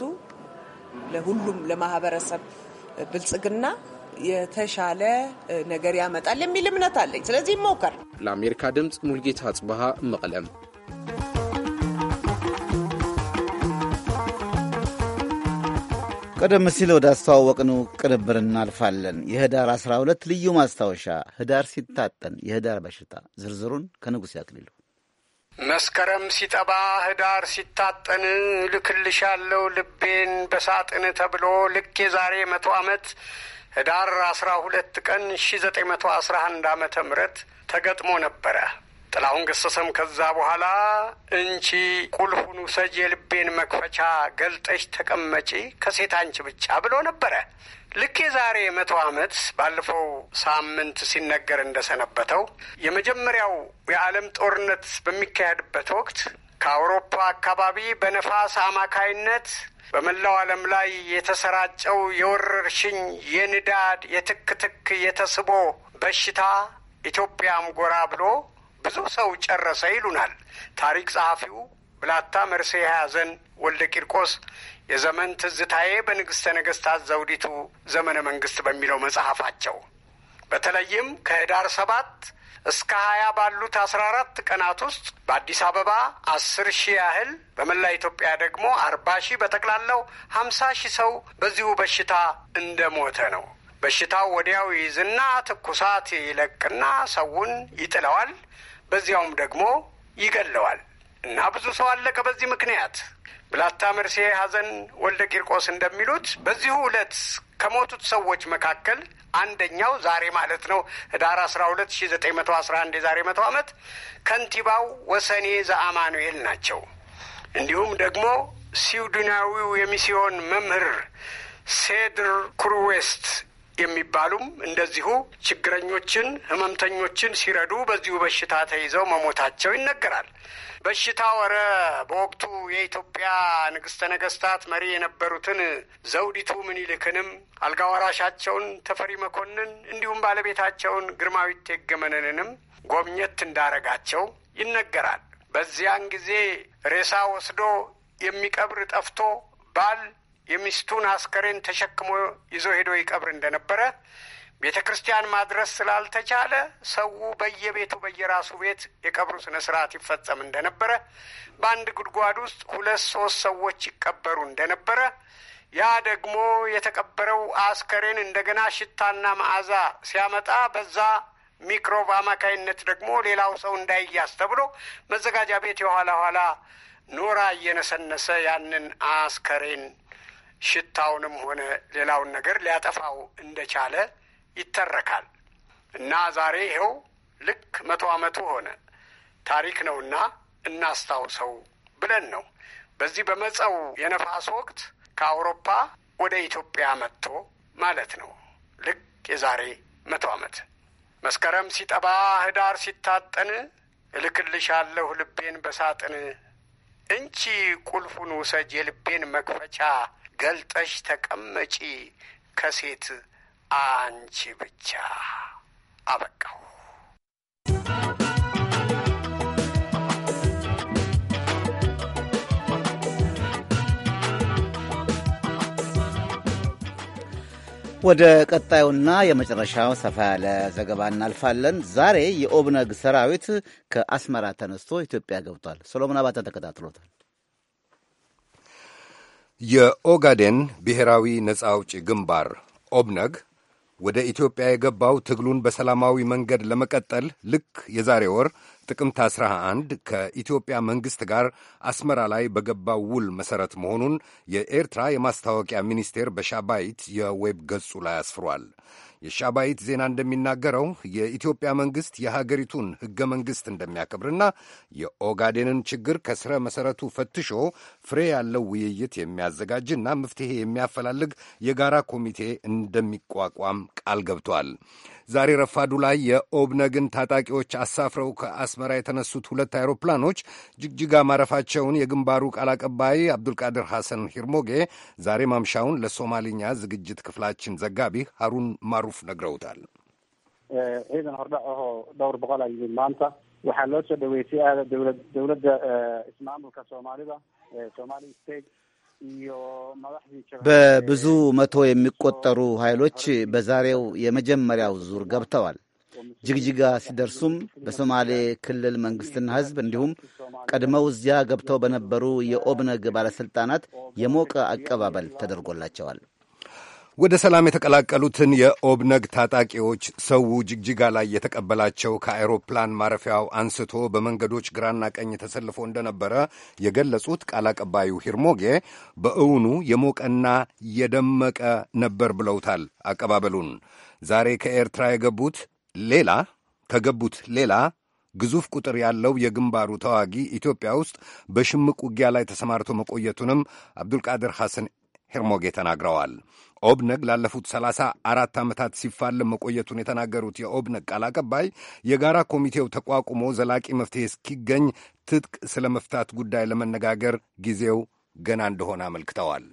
F: ለሁሉም ለማህበረሰብ ብልጽግና የተሻለ ነገር ያመጣል የሚል እምነት አለኝ። ስለዚህ ሞከር።
Q: ለአሜሪካ ድምፅ ሙልጌታ አጽብሃ መቀለም።
A: ቀደም ሲል ወደ አስተዋወቅነው ቅንብር እናልፋለን። የህዳር 12 ልዩ ማስታወሻ ህዳር ሲታጠን የህዳር በሽታ ዝርዝሩን ከንጉሥ ያክሊሉ
S: መስከረም ሲጠባ ህዳር ሲታጠን ልክልሻለው ልቤን በሳጥን ተብሎ ልክ የዛሬ መቶ ዓመት ህዳር አስራ ሁለት ቀን ሺ ዘጠኝ መቶ አስራ አንድ ዓመተ ምህረት ተገጥሞ ነበረ። ጥላሁን ገሰሰም ከዛ በኋላ እንቺ ቁልፉን ውሰጅ የልቤን መክፈቻ ገልጠሽ ተቀመጪ ከሴት አንቺ ብቻ ብሎ ነበረ። ልክ የዛሬ መቶ ዓመት ባለፈው ሳምንት ሲነገር እንደሰነበተው የመጀመሪያው የዓለም ጦርነት በሚካሄድበት ወቅት ከአውሮፓ አካባቢ በነፋስ አማካይነት በመላው ዓለም ላይ የተሰራጨው የወረርሽኝ የንዳድ የትክትክ የተስቦ በሽታ ኢትዮጵያም ጎራ ብሎ ብዙ ሰው ጨረሰ ይሉናል ታሪክ ጸሐፊው ብላታ መርሴ የያዘን ወልደ ቂርቆስ የዘመን ትዝታዬ በንግሥተ ነገሥታት ዘውዲቱ ዘመነ መንግሥት በሚለው መጽሐፋቸው በተለይም ከህዳር ሰባት እስከ ሀያ ባሉት አስራ አራት ቀናት ውስጥ በአዲስ አበባ አስር ሺህ ያህል በመላ ኢትዮጵያ ደግሞ አርባ ሺህ በጠቅላላው ሀምሳ ሺህ ሰው በዚሁ በሽታ እንደሞተ ነው። በሽታው ወዲያው ይይዝና ትኩሳት ይለቅና ሰውን ይጥለዋል። በዚያውም ደግሞ ይገለዋል። እና ብዙ ሰው አለቀ በዚህ ምክንያት። ብላታ መርሴ ሀዘን ወልደ ቂርቆስ እንደሚሉት በዚሁ ዕለት ከሞቱት ሰዎች መካከል አንደኛው ዛሬ ማለት ነው ህዳር 12 1911 የዛሬ መቶ ዓመት ከንቲባው ወሰኔ ዘአማኑኤል ናቸው። እንዲሁም ደግሞ ስዊድናዊው የሚስዮን መምህር ሴድር ኩሩዌስት የሚባሉም እንደዚሁ ችግረኞችን፣ ህመምተኞችን ሲረዱ በዚሁ በሽታ ተይዘው መሞታቸው ይነገራል። በሽታ ወረ በወቅቱ የኢትዮጵያ ንግሥተ ነገሥታት መሪ የነበሩትን ዘውዲቱ ምኒልክንም አልጋወራሻቸውን ተፈሪ መኮንን እንዲሁም ባለቤታቸውን ግርማዊት እቴጌመነንንም ጎብኘት እንዳረጋቸው ይነገራል። በዚያን ጊዜ ሬሳ ወስዶ የሚቀብር ጠፍቶ ባል የሚስቱን አስከሬን ተሸክሞ ይዞ ሄዶ ይቀብር እንደነበረ ቤተ ክርስቲያን ማድረስ ስላልተቻለ ሰው በየቤቱ በየራሱ ቤት የቀብሩ ስነ ስርዓት ይፈጸም እንደነበረ፣ በአንድ ጉድጓድ ውስጥ ሁለት ሶስት ሰዎች ይቀበሩ እንደነበረ፣ ያ ደግሞ የተቀበረው አስከሬን እንደገና ሽታና መዓዛ ሲያመጣ በዛ ሚክሮብ አማካይነት ደግሞ ሌላው ሰው እንዳይያዝ ተብሎ መዘጋጃ ቤት የኋላ ኋላ ኖራ እየነሰነሰ ያንን አስከሬን ሽታውንም ሆነ ሌላውን ነገር ሊያጠፋው እንደቻለ ይተረካል እና ዛሬ ይኸው ልክ መቶ ዓመቱ ሆነ። ታሪክ ነውና እናስታውሰው ብለን ነው። በዚህ በመጸው የነፋስ ወቅት ከአውሮፓ ወደ ኢትዮጵያ መጥቶ ማለት ነው። ልክ የዛሬ መቶ ዓመት መስከረም ሲጠባ ህዳር ሲታጠን እልክልሻለሁ ልቤን በሳጥን እንቺ ቁልፉን ውሰጅ የልቤን መክፈቻ ገልጠሽ ተቀመጪ ከሴት አንቺ ብቻ። አበቃው።
A: ወደ ቀጣዩና የመጨረሻው ሰፋ ያለ ዘገባ እናልፋለን። ዛሬ የኦብነግ ሰራዊት ከአስመራ ተነስቶ ኢትዮጵያ ገብቷል። ሶሎሞን አባተ ተከታትሎታል።
K: የኦጋዴን ብሔራዊ ነጻ አውጪ ግንባር ኦብነግ ወደ ኢትዮጵያ የገባው ትግሉን በሰላማዊ መንገድ ለመቀጠል ልክ የዛሬ ወር ጥቅምት 11 ከኢትዮጵያ መንግሥት ጋር አስመራ ላይ በገባው ውል መሠረት መሆኑን የኤርትራ የማስታወቂያ ሚኒስቴር በሻባይት የዌብ ገጹ ላይ አስፍሯል። የሻባይት ዜና እንደሚናገረው የኢትዮጵያ መንግሥት የሀገሪቱን ሕገ መንግሥት እንደሚያከብርና የኦጋዴንን ችግር ከሥረ መሠረቱ ፈትሾ ፍሬ ያለው ውይይት የሚያዘጋጅና መፍትሔ የሚያፈላልግ የጋራ ኮሚቴ እንደሚቋቋም ቃል ገብቷል። ዛሬ ረፋዱ ላይ የኦብነግን ታጣቂዎች አሳፍረው ከአስመራ የተነሱት ሁለት አይሮፕላኖች ጅግጅጋ ማረፋቸውን የግንባሩ ቃል አቀባይ አብዱልቃድር ሐሰን ሂርሞጌ ዛሬ ማምሻውን ለሶማሊኛ ዝግጅት ክፍላችን ዘጋቢ ሀሩን ማሩፍ ነግረውታል።
A: በብዙ መቶ የሚቆጠሩ ኃይሎች በዛሬው የመጀመሪያው ዙር ገብተዋል። ጅግጅጋ ሲደርሱም በሶማሌ ክልል መንግስትና ሕዝብ እንዲሁም ቀድመው እዚያ ገብተው በነበሩ የኦብነግ ባለሥልጣናት
K: የሞቀ አቀባበል ተደርጎላቸዋል። ወደ ሰላም የተቀላቀሉትን የኦብነግ ታጣቂዎች ሰው ጅግጅጋ ላይ የተቀበላቸው ከአውሮፕላን ማረፊያው አንስቶ በመንገዶች ግራና ቀኝ ተሰልፎ እንደነበረ የገለጹት ቃል አቀባዩ ሂርሞጌ በእውኑ የሞቀና የደመቀ ነበር ብለውታል አቀባበሉን። ዛሬ ከኤርትራ የገቡት ሌላ ከገቡት ሌላ ግዙፍ ቁጥር ያለው የግንባሩ ተዋጊ ኢትዮጵያ ውስጥ በሽምቅ ውጊያ ላይ ተሰማርቶ መቆየቱንም አብዱልቃድር ሐሰን ሄርሞጌ ተናግረዋል። ኦብነግ ላለፉት ሰላሳ አራት ዓመታት ሲፋለም መቆየቱን የተናገሩት የኦብነግ ቃል አቀባይ የጋራ ኮሚቴው ተቋቁሞ ዘላቂ መፍትሄ እስኪገኝ ትጥቅ ስለ መፍታት ጉዳይ ለመነጋገር ጊዜው ገና እንደሆነ አመልክተዋል።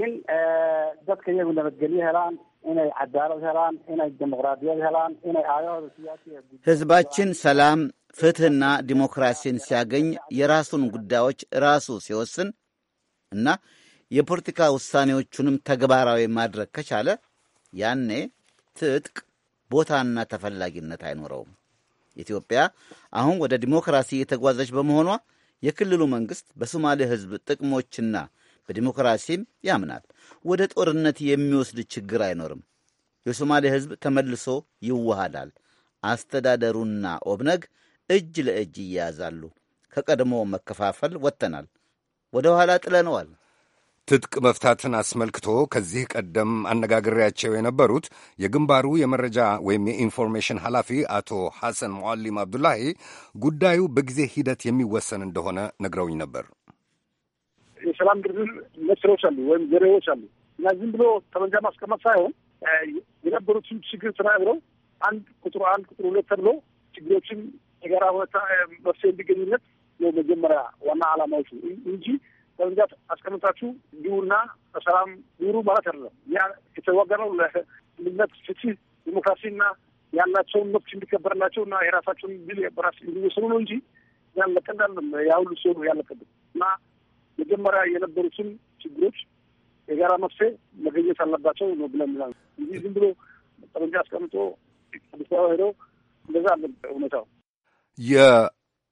M: ግን ዳድከ እያጉ ናበድገልዮ ሄላን ኢናይ ዓዳለት ሄላን ኢናይ ዲሞቅራድያት ሄላን ኢናይ አያሆ
A: ህዝባችን ሰላም ፍትህና ዲሞክራሲን ሲያገኝ የራሱን ጉዳዮች ራሱ ሲወስን እና የፖለቲካ ውሳኔዎቹንም ተግባራዊ ማድረግ ከቻለ ያኔ ትጥቅ ቦታና ተፈላጊነት አይኖረውም። ኢትዮጵያ አሁን ወደ ዲሞክራሲ እየተጓዘች በመሆኗ የክልሉ መንግሥት በሶማሌ ሕዝብ ጥቅሞችና በዲሞክራሲም ያምናል። ወደ ጦርነት የሚወስድ ችግር አይኖርም። የሶማሌ ሕዝብ ተመልሶ ይዋሃዳል። አስተዳደሩና ኦብነግ እጅ ለእጅ ይያዛሉ። ከቀድሞ መከፋፈል ወጥተናል። ወደ ኋላ
K: ጥለነዋል። ትጥቅ መፍታትን አስመልክቶ ከዚህ ቀደም አነጋግሬያቸው የነበሩት የግንባሩ የመረጃ ወይም የኢንፎርሜሽን ኃላፊ አቶ ሐሰን ሙዓሊም አብዱላሂ ጉዳዩ በጊዜ ሂደት የሚወሰን እንደሆነ ነግረውኝ ነበር።
T: የሰላም ድርድር መስሮች አሉ ወይም ዘሬዎች አሉ እና ዝም ብሎ ጠመንጃ ማስቀመጥ ሳይሆን የነበሩትን ችግር ተናግረው አንድ ቁጥሩ አንድ ቁጥሩ ሁለት ተብሎ ችግሮችን የጋራ ሁኔታ መፍትሄ እንዲገኙለት ነው መጀመሪያ ዋና ዓላማዎቹ እንጂ በብዛት አስቀምጣችሁ ግቡና በሰላም ግሩ ማለት አይደለም። ያ የተዋገረው ለልነት ፍትህ፣ ዲሞክራሲና ያላቸውን መብት እንዲከበርላቸው እና የራሳቸውን ቢል በራስ እንዲወስኑ ነው እንጂ ያለቀዳለም ያሁሉ ሲሆኑ ያለቀብን እና መጀመሪያ የነበሩትን ችግሮች የጋራ መፍትሄ መገኘት አለባቸው ነው ብለን ላ እንጂ ዝም ብሎ ጠመንጃ አስቀምጦ አዲስ አበባ ሄደው እንደዛ አለ ሁኔታው።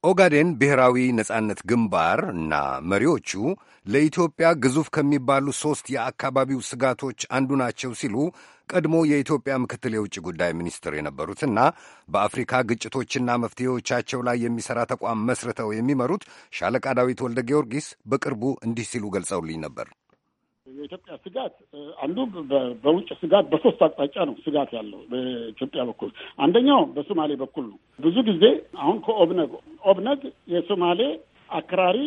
K: ኦጋዴን ብሔራዊ ነጻነት ግንባር እና መሪዎቹ ለኢትዮጵያ ግዙፍ ከሚባሉ ሦስት የአካባቢው ስጋቶች አንዱ ናቸው ሲሉ ቀድሞ የኢትዮጵያ ምክትል የውጭ ጉዳይ ሚኒስትር የነበሩትና በአፍሪካ ግጭቶችና መፍትሄዎቻቸው ላይ የሚሠራ ተቋም መስርተው የሚመሩት ሻለቃ ዳዊት ወልደ ጊዮርጊስ በቅርቡ እንዲህ ሲሉ ገልጸውልኝ ነበር።
U: የኢትዮጵያ ስጋት አንዱ በውጭ ስጋት በሶስት አቅጣጫ ነው ስጋት ያለው በኢትዮጵያ በኩል አንደኛው በሶማሌ በኩል ነው። ብዙ ጊዜ አሁን ከኦብነግ ኦብነግ የሶማሌ አክራሪ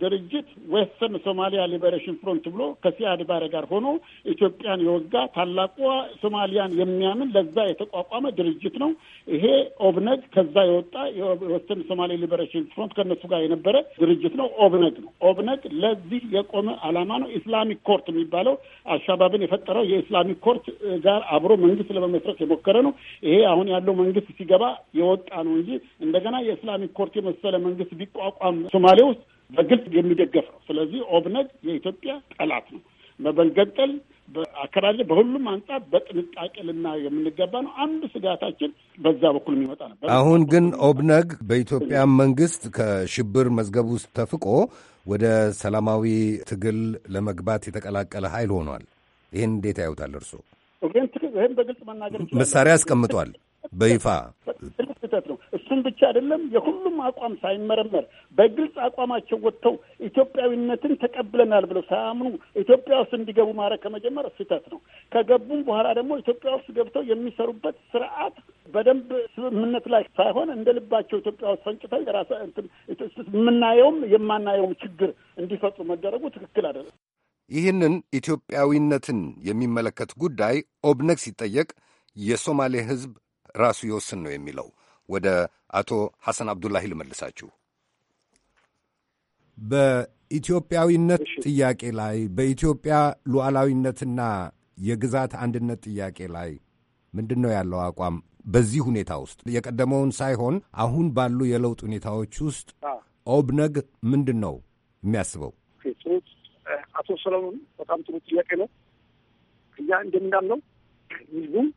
U: ድርጅት ዌስተርን ሶማሊያ ሊበሬሽን ፍሮንት ብሎ ከሲያድ ባሬ ጋር ሆኖ ኢትዮጵያን የወጋ ታላቋ ሶማሊያን የሚያምን ለዛ የተቋቋመ ድርጅት ነው። ይሄ ኦብነግ ከዛ የወጣ የዌስተርን ሶማሊያ ሊበሬሽን ፍሮንት ከነሱ ጋር የነበረ ድርጅት ነው። ኦብነግ ነው። ኦብነግ ለዚህ የቆመ አላማ ነው። ኢስላሚክ ኮርት የሚባለው አልሻባብን የፈጠረው የኢስላሚክ ኮርት ጋር አብሮ መንግስት ለመመስረት የሞከረ ነው። ይሄ አሁን ያለው መንግስት ሲገባ የወጣ ነው እንጂ እንደገና የኢስላሚክ ኮርት የመሰለ መንግስት ቢቋቋም ሶማሌ ውስጥ በግልጽ የሚደገፍ ነው። ስለዚህ ኦብነግ የኢትዮጵያ ጠላት ነው። በመንገንጠል በአከራሪ በሁሉም አንጻር በጥንቃቄ ልና የምንገባ ነው። አንድ ስጋታችን በዛ በኩል የሚመጣ ነበር።
K: አሁን ግን ኦብነግ በኢትዮጵያ መንግስት ከሽብር መዝገብ ውስጥ ተፍቆ ወደ ሰላማዊ ትግል ለመግባት የተቀላቀለ ኃይል ሆኗል። ይህን እንዴት ያዩታል እርስዎ?
U: ይህን በግልጽ መናገር
K: መሳሪያ አስቀምጧል በይፋ
U: ስህተት ነው። እሱም ብቻ አይደለም፣ የሁሉም አቋም ሳይመረመር በግልጽ አቋማቸው ወጥተው ኢትዮጵያዊነትን ተቀብለናል ብለው ሳያምኑ ኢትዮጵያ ውስጥ እንዲገቡ ማድረግ ከመጀመር ስህተት ነው። ከገቡም በኋላ ደግሞ ኢትዮጵያ ውስጥ ገብተው የሚሰሩበት ስርዓት በደንብ ስምምነት ላይ ሳይሆን እንደ ልባቸው ኢትዮጵያ ውስጥ ፈንጭተው የራሳ የምናየውም የማናየውም ችግር እንዲፈጡ መደረጉ ትክክል አይደለም።
K: ይህንን ኢትዮጵያዊነትን የሚመለከት ጉዳይ ኦብነግ ሲጠየቅ የሶማሌ ሕዝብ ራሱ ይወስን ነው የሚለው ወደ አቶ ሐሰን አብዱላሂ ልመልሳችሁ። በኢትዮጵያዊነት ጥያቄ ላይ በኢትዮጵያ ሉዓላዊነትና የግዛት አንድነት ጥያቄ ላይ ምንድን ነው ያለው አቋም? በዚህ ሁኔታ ውስጥ የቀደመውን ሳይሆን አሁን ባሉ የለውጥ ሁኔታዎች ውስጥ ኦብነግ ምንድን ነው የሚያስበው?
T: አቶ ሰለሞን በጣም ጥሩ ጥያቄ ነው። እኛ እንደምናምነው ህዝቡም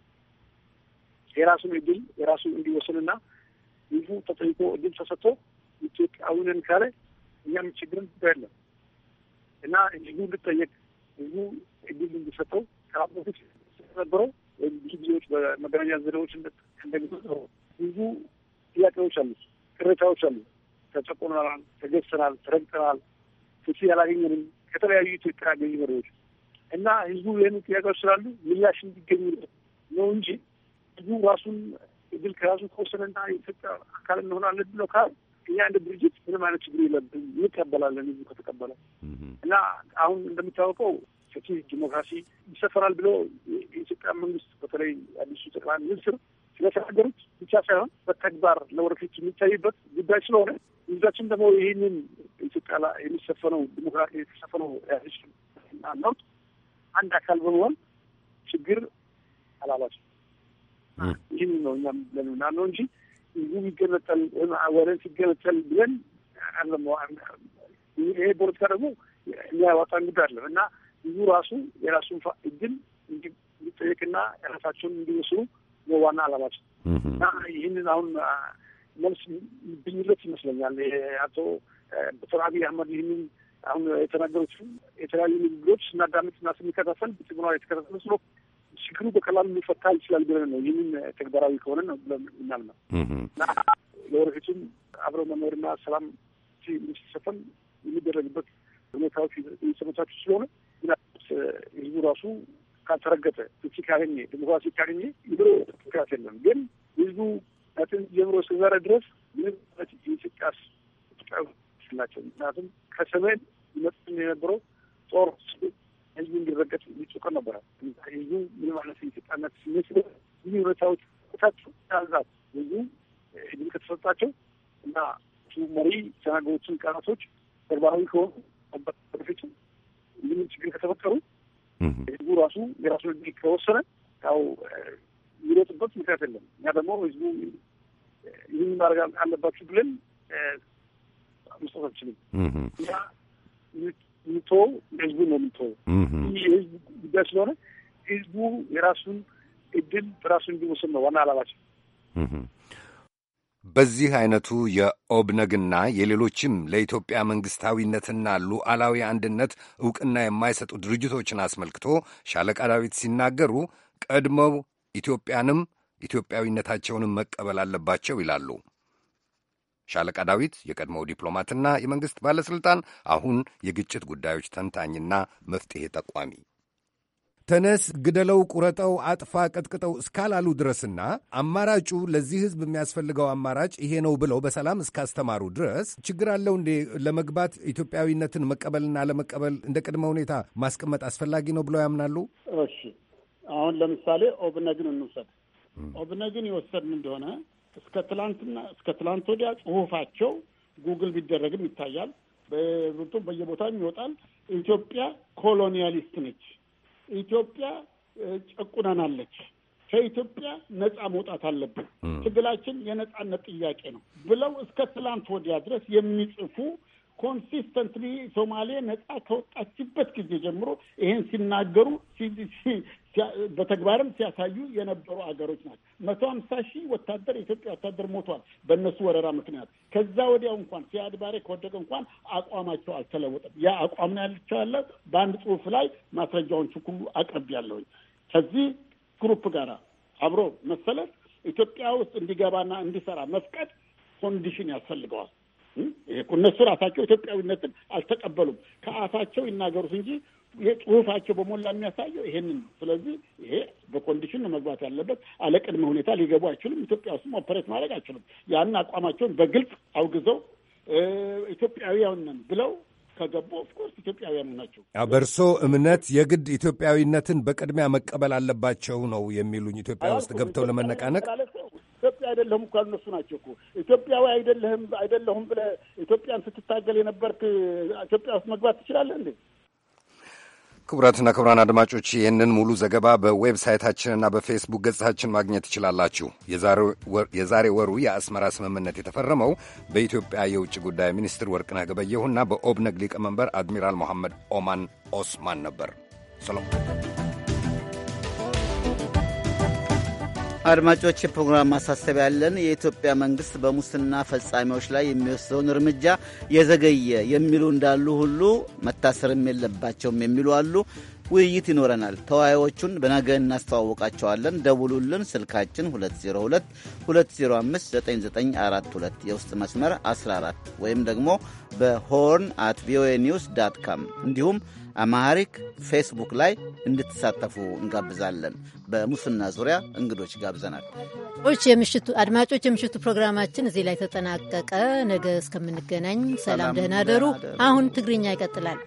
T: የራሱን እድል የራሱ እንዲወስንና ይዙ ተጠይቆ እድል ተሰጥቶ ኢትዮጵያዊንን ካለ እኛም ችግርን የለም እና ህዝቡ እንድጠየቅ ህዝቡ እድል እንዲሰጠው ከአቦቶች ነበረው ወይም ብዙ ጊዜዎች በመገናኛ ዘዴዎች እንደሚሰሩ ብዙ ጥያቄዎች አሉ፣ ቅሬታዎች አሉ። ተጨቆናል፣ ተገሰናል፣ ተረግጠናል፣ ፍትህ አላገኘንም ከተለያዩ ኢትዮጵያ ገዢ መሪዎች እና ህዝቡ ይህን ጥያቄዎች ስላሉ ምላሽ እንዲገኙ ነው እንጂ ህዝቡ ራሱን እድል ከራሱ ከወሰነና የኢትዮጵያ አካል እንሆናለን ብሎ ካል እኛ እንደ ድርጅት ምንም አይነት ችግር የለብን እንቀበላለን። ህዝቡ ከተቀበለ እና አሁን እንደሚታወቀው ሰፊ ዲሞክራሲ ይሰፈራል ብሎ የኢትዮጵያ መንግስት በተለይ አዲሱ ጠቅላይ ሚኒስትር ስለተናገሩት ብቻ ሳይሆን በተግባር ለወደፊት የሚታይበት ጉዳይ ስለሆነ ህዝባችን ደግሞ ይህንን ኢትዮጵያ ላይ የሚሰፈነው ዲሞክራሲ የተሰፈነው ያሽ ለውጥ አንድ አካል በመሆን ችግር አላላቸው። ይህን ነው እኛ ብለን ምናምን ነው እንጂ እንዲሁ ይገነጠል ወደን ሲገነጠል ብለን ይሄ ፖለቲካ ደግሞ ሊያዋጣ እንግዳ አለም እና ብዙ ራሱ የራሱን እድል እንዲጠየቅና የራሳቸውን እንዲወስኑ ነው ዋና አላማቸው እና ይህንን አሁን መልስ ብኝለት ይመስለኛል አቶ ዶክተር አብይ አህመድ ይህንን አሁን የተናገሩት የተለያዩ ንግግሮች ስናዳምጥ እና ስንከታተል ብትግና የተከታተል ስሎ ችግሩ በቀላሉ ሊፈታ ይችላል ብለን ነው ይህንን ተግባራዊ ከሆነ ነው ብለን ነው እና ለወደፊቱም አብረው መኖርና ሰላም ሲሰፈን የሚደረግበት ሁኔታዎች የተመቻቹ ስለሆነ ምናልባት ህዝቡ ራሱ ካልተረገጠ ፍቺ ካገኘ ዲሞክራሲ ካገኘ የድሮ ምክንያት የለም። ግን ህዝቡ ትን ጀምሮ እስከዛሬ ድረስ ምንም ነት የኢትዮጵያ ስላቸው ምክንያቱም ከሰሜን ይመጥን የነበረው ጦር ህዝቡ እንዲረገጥ የሚጮቀ ነበረ። ህዝቡ ምን ማለት የኢትዮጵያነት ስሜት ስለ ብዙ ሁኔታዎች ቁታቸው ያዛት ብዙ እድሜ ከተሰጣቸው እና መሪ ተናገሮችን ቃላቶች ተግባራዊ ከሆኑ በፊቱ ምንም ችግር ከተፈጠሩ ህዝቡ ራሱ የራሱ ህግ ከወሰነ ያው የሚሮጥበት ምክንያት የለም። እኛ ደግሞ ህዝቡ ይህን ማድረግ አለባችሁ ብለን መስጠት አንችልም። የምትወው ህዝቡ ነው የምትወው። ይህ የህዝቡ ጉዳይ ስለሆነ ህዝቡ የራሱን እድል በራሱ እንዲወስን ነው ዋና አላማቸው።
K: በዚህ አይነቱ የኦብነግና የሌሎችም ለኢትዮጵያ መንግስታዊነትና ሉዓላዊ አንድነት እውቅና የማይሰጡ ድርጅቶችን አስመልክቶ ሻለቃ ዳዊት ሲናገሩ ቀድመው ኢትዮጵያንም ኢትዮጵያዊነታቸውንም መቀበል አለባቸው ይላሉ። ሻለቃ ዳዊት የቀድሞው ዲፕሎማትና የመንግሥት ባለሥልጣን አሁን የግጭት ጉዳዮች ተንታኝና መፍትሔ ጠቋሚ ተነስ፣ ግደለው፣ ቁረጠው፣ አጥፋ፣ ቀጥቅጠው እስካላሉ ድረስና አማራጩ ለዚህ ሕዝብ የሚያስፈልገው አማራጭ ይሄ ነው ብለው በሰላም እስካስተማሩ ድረስ ችግር አለው እንዴ? ለመግባት ኢትዮጵያዊነትን መቀበልና ለመቀበል እንደ ቅድመ ሁኔታ ማስቀመጥ አስፈላጊ ነው ብለው ያምናሉ?
U: እሺ፣ አሁን ለምሳሌ ኦብነግን እንውሰድ። ኦብነግን የወሰድን እንደሆነ እስከ ትላንትና እስከ ትላንት ወዲያ ጽሁፋቸው ጉግል ቢደረግም ይታያል። በሩቱ በየቦታም ይወጣል። ኢትዮጵያ ኮሎኒያሊስት ነች። ኢትዮጵያ ጨቁናናለች። ከኢትዮጵያ ነጻ መውጣት አለብን። ትግላችን የነጻነት ጥያቄ ነው ብለው እስከ ትላንት ወዲያ ድረስ የሚጽፉ ኮንሲስተንትሊ ሶማሌ ነጻ ከወጣችበት ጊዜ ጀምሮ ይሄን ሲናገሩ በተግባርም ሲያሳዩ የነበሩ አገሮች ናቸው። መቶ ሀምሳ ሺህ ወታደር የኢትዮጵያ ወታደር ሞቷል በእነሱ ወረራ ምክንያት። ከዛ ወዲያው እንኳን ሲያድ ባሬ ከወደቀ እንኳን አቋማቸው አልተለወጠም። ያ አቋም ነው ያልቻለ በአንድ ጽሁፍ ላይ ማስረጃዎቹ ሁሉ አቅርብ ያለውኝ ከዚህ ግሩፕ ጋር አብሮ መሰለፍ ኢትዮጵያ ውስጥ እንዲገባና እንዲሰራ መፍቀድ ኮንዲሽን ያስፈልገዋል። እነሱ ራሳቸው ኢትዮጵያዊነትን አልተቀበሉም። ከአፋቸው ይናገሩት እንጂ ጽሁፋቸው በሞላ የሚያሳየው ይሄንን ነው። ስለዚህ ይሄ በኮንዲሽን ነው መግባት ያለበት። አለቅድመ ሁኔታ ሊገቡ አይችሉም። ኢትዮጵያ ውስጥም ኦፐሬት ማድረግ አይችሉም። ያን አቋማቸውን በግልጽ አውግዘው ኢትዮጵያውያን ብለው ከገቡ ኦፍኮርስ ኢትዮጵያውያን ናቸው።
K: በእርሶ እምነት የግድ ኢትዮጵያዊነትን በቅድሚያ መቀበል አለባቸው ነው የሚሉኝ? ኢትዮጵያ ውስጥ ገብተው ለመነቃነቅ
U: አይደለሁም እኮ እነሱ ናቸው እኮ ኢትዮጵያዊ አይደለህም አይደለሁም ብለህ ኢትዮጵያን ስትታገል የነበርክ ኢትዮጵያ ውስጥ መግባት ትችላለህ እንዴ?
K: ክቡራትና ክቡራን አድማጮች ይህንን ሙሉ ዘገባ በዌብሳይታችንና በፌስቡክ ገጻችን ማግኘት ትችላላችሁ። የዛሬ ወሩ የአስመራ ስምምነት የተፈረመው በኢትዮጵያ የውጭ ጉዳይ ሚኒስትር ወርቅነህ ገበየሁና በኦብነግ ሊቀመንበር አድሚራል ሞሐመድ ኦማን ኦስማን ነበር። ሰላም
A: አድማጮች፣ የፕሮግራም ማሳሰቢያ ያለን የኢትዮጵያ መንግስት በሙስና ፈጻሚዎች ላይ የሚወስደውን እርምጃ የዘገየ የሚሉ እንዳሉ ሁሉ መታሰርም የለባቸውም የሚሉ አሉ። ውይይት ይኖረናል። ተወያዮቹን በነገ እናስተዋወቃቸዋለን። ደውሉልን። ስልካችን 2022059942 የውስጥ መስመር 14 ወይም ደግሞ በሆርን አት ቪኦኤ ኒውስ ዳት ካም እንዲሁም አማሐሪክ ፌስቡክ ላይ እንድትሳተፉ እንጋብዛለን። በሙስና ዙሪያ እንግዶች ጋብዘናል።
B: የምሽቱ አድማጮች፣ የምሽቱ ፕሮግራማችን እዚህ ላይ ተጠናቀቀ። ነገ እስከምንገናኝ ሰላም፣ ደህና ደሩ። አሁን ትግርኛ ይቀጥላል።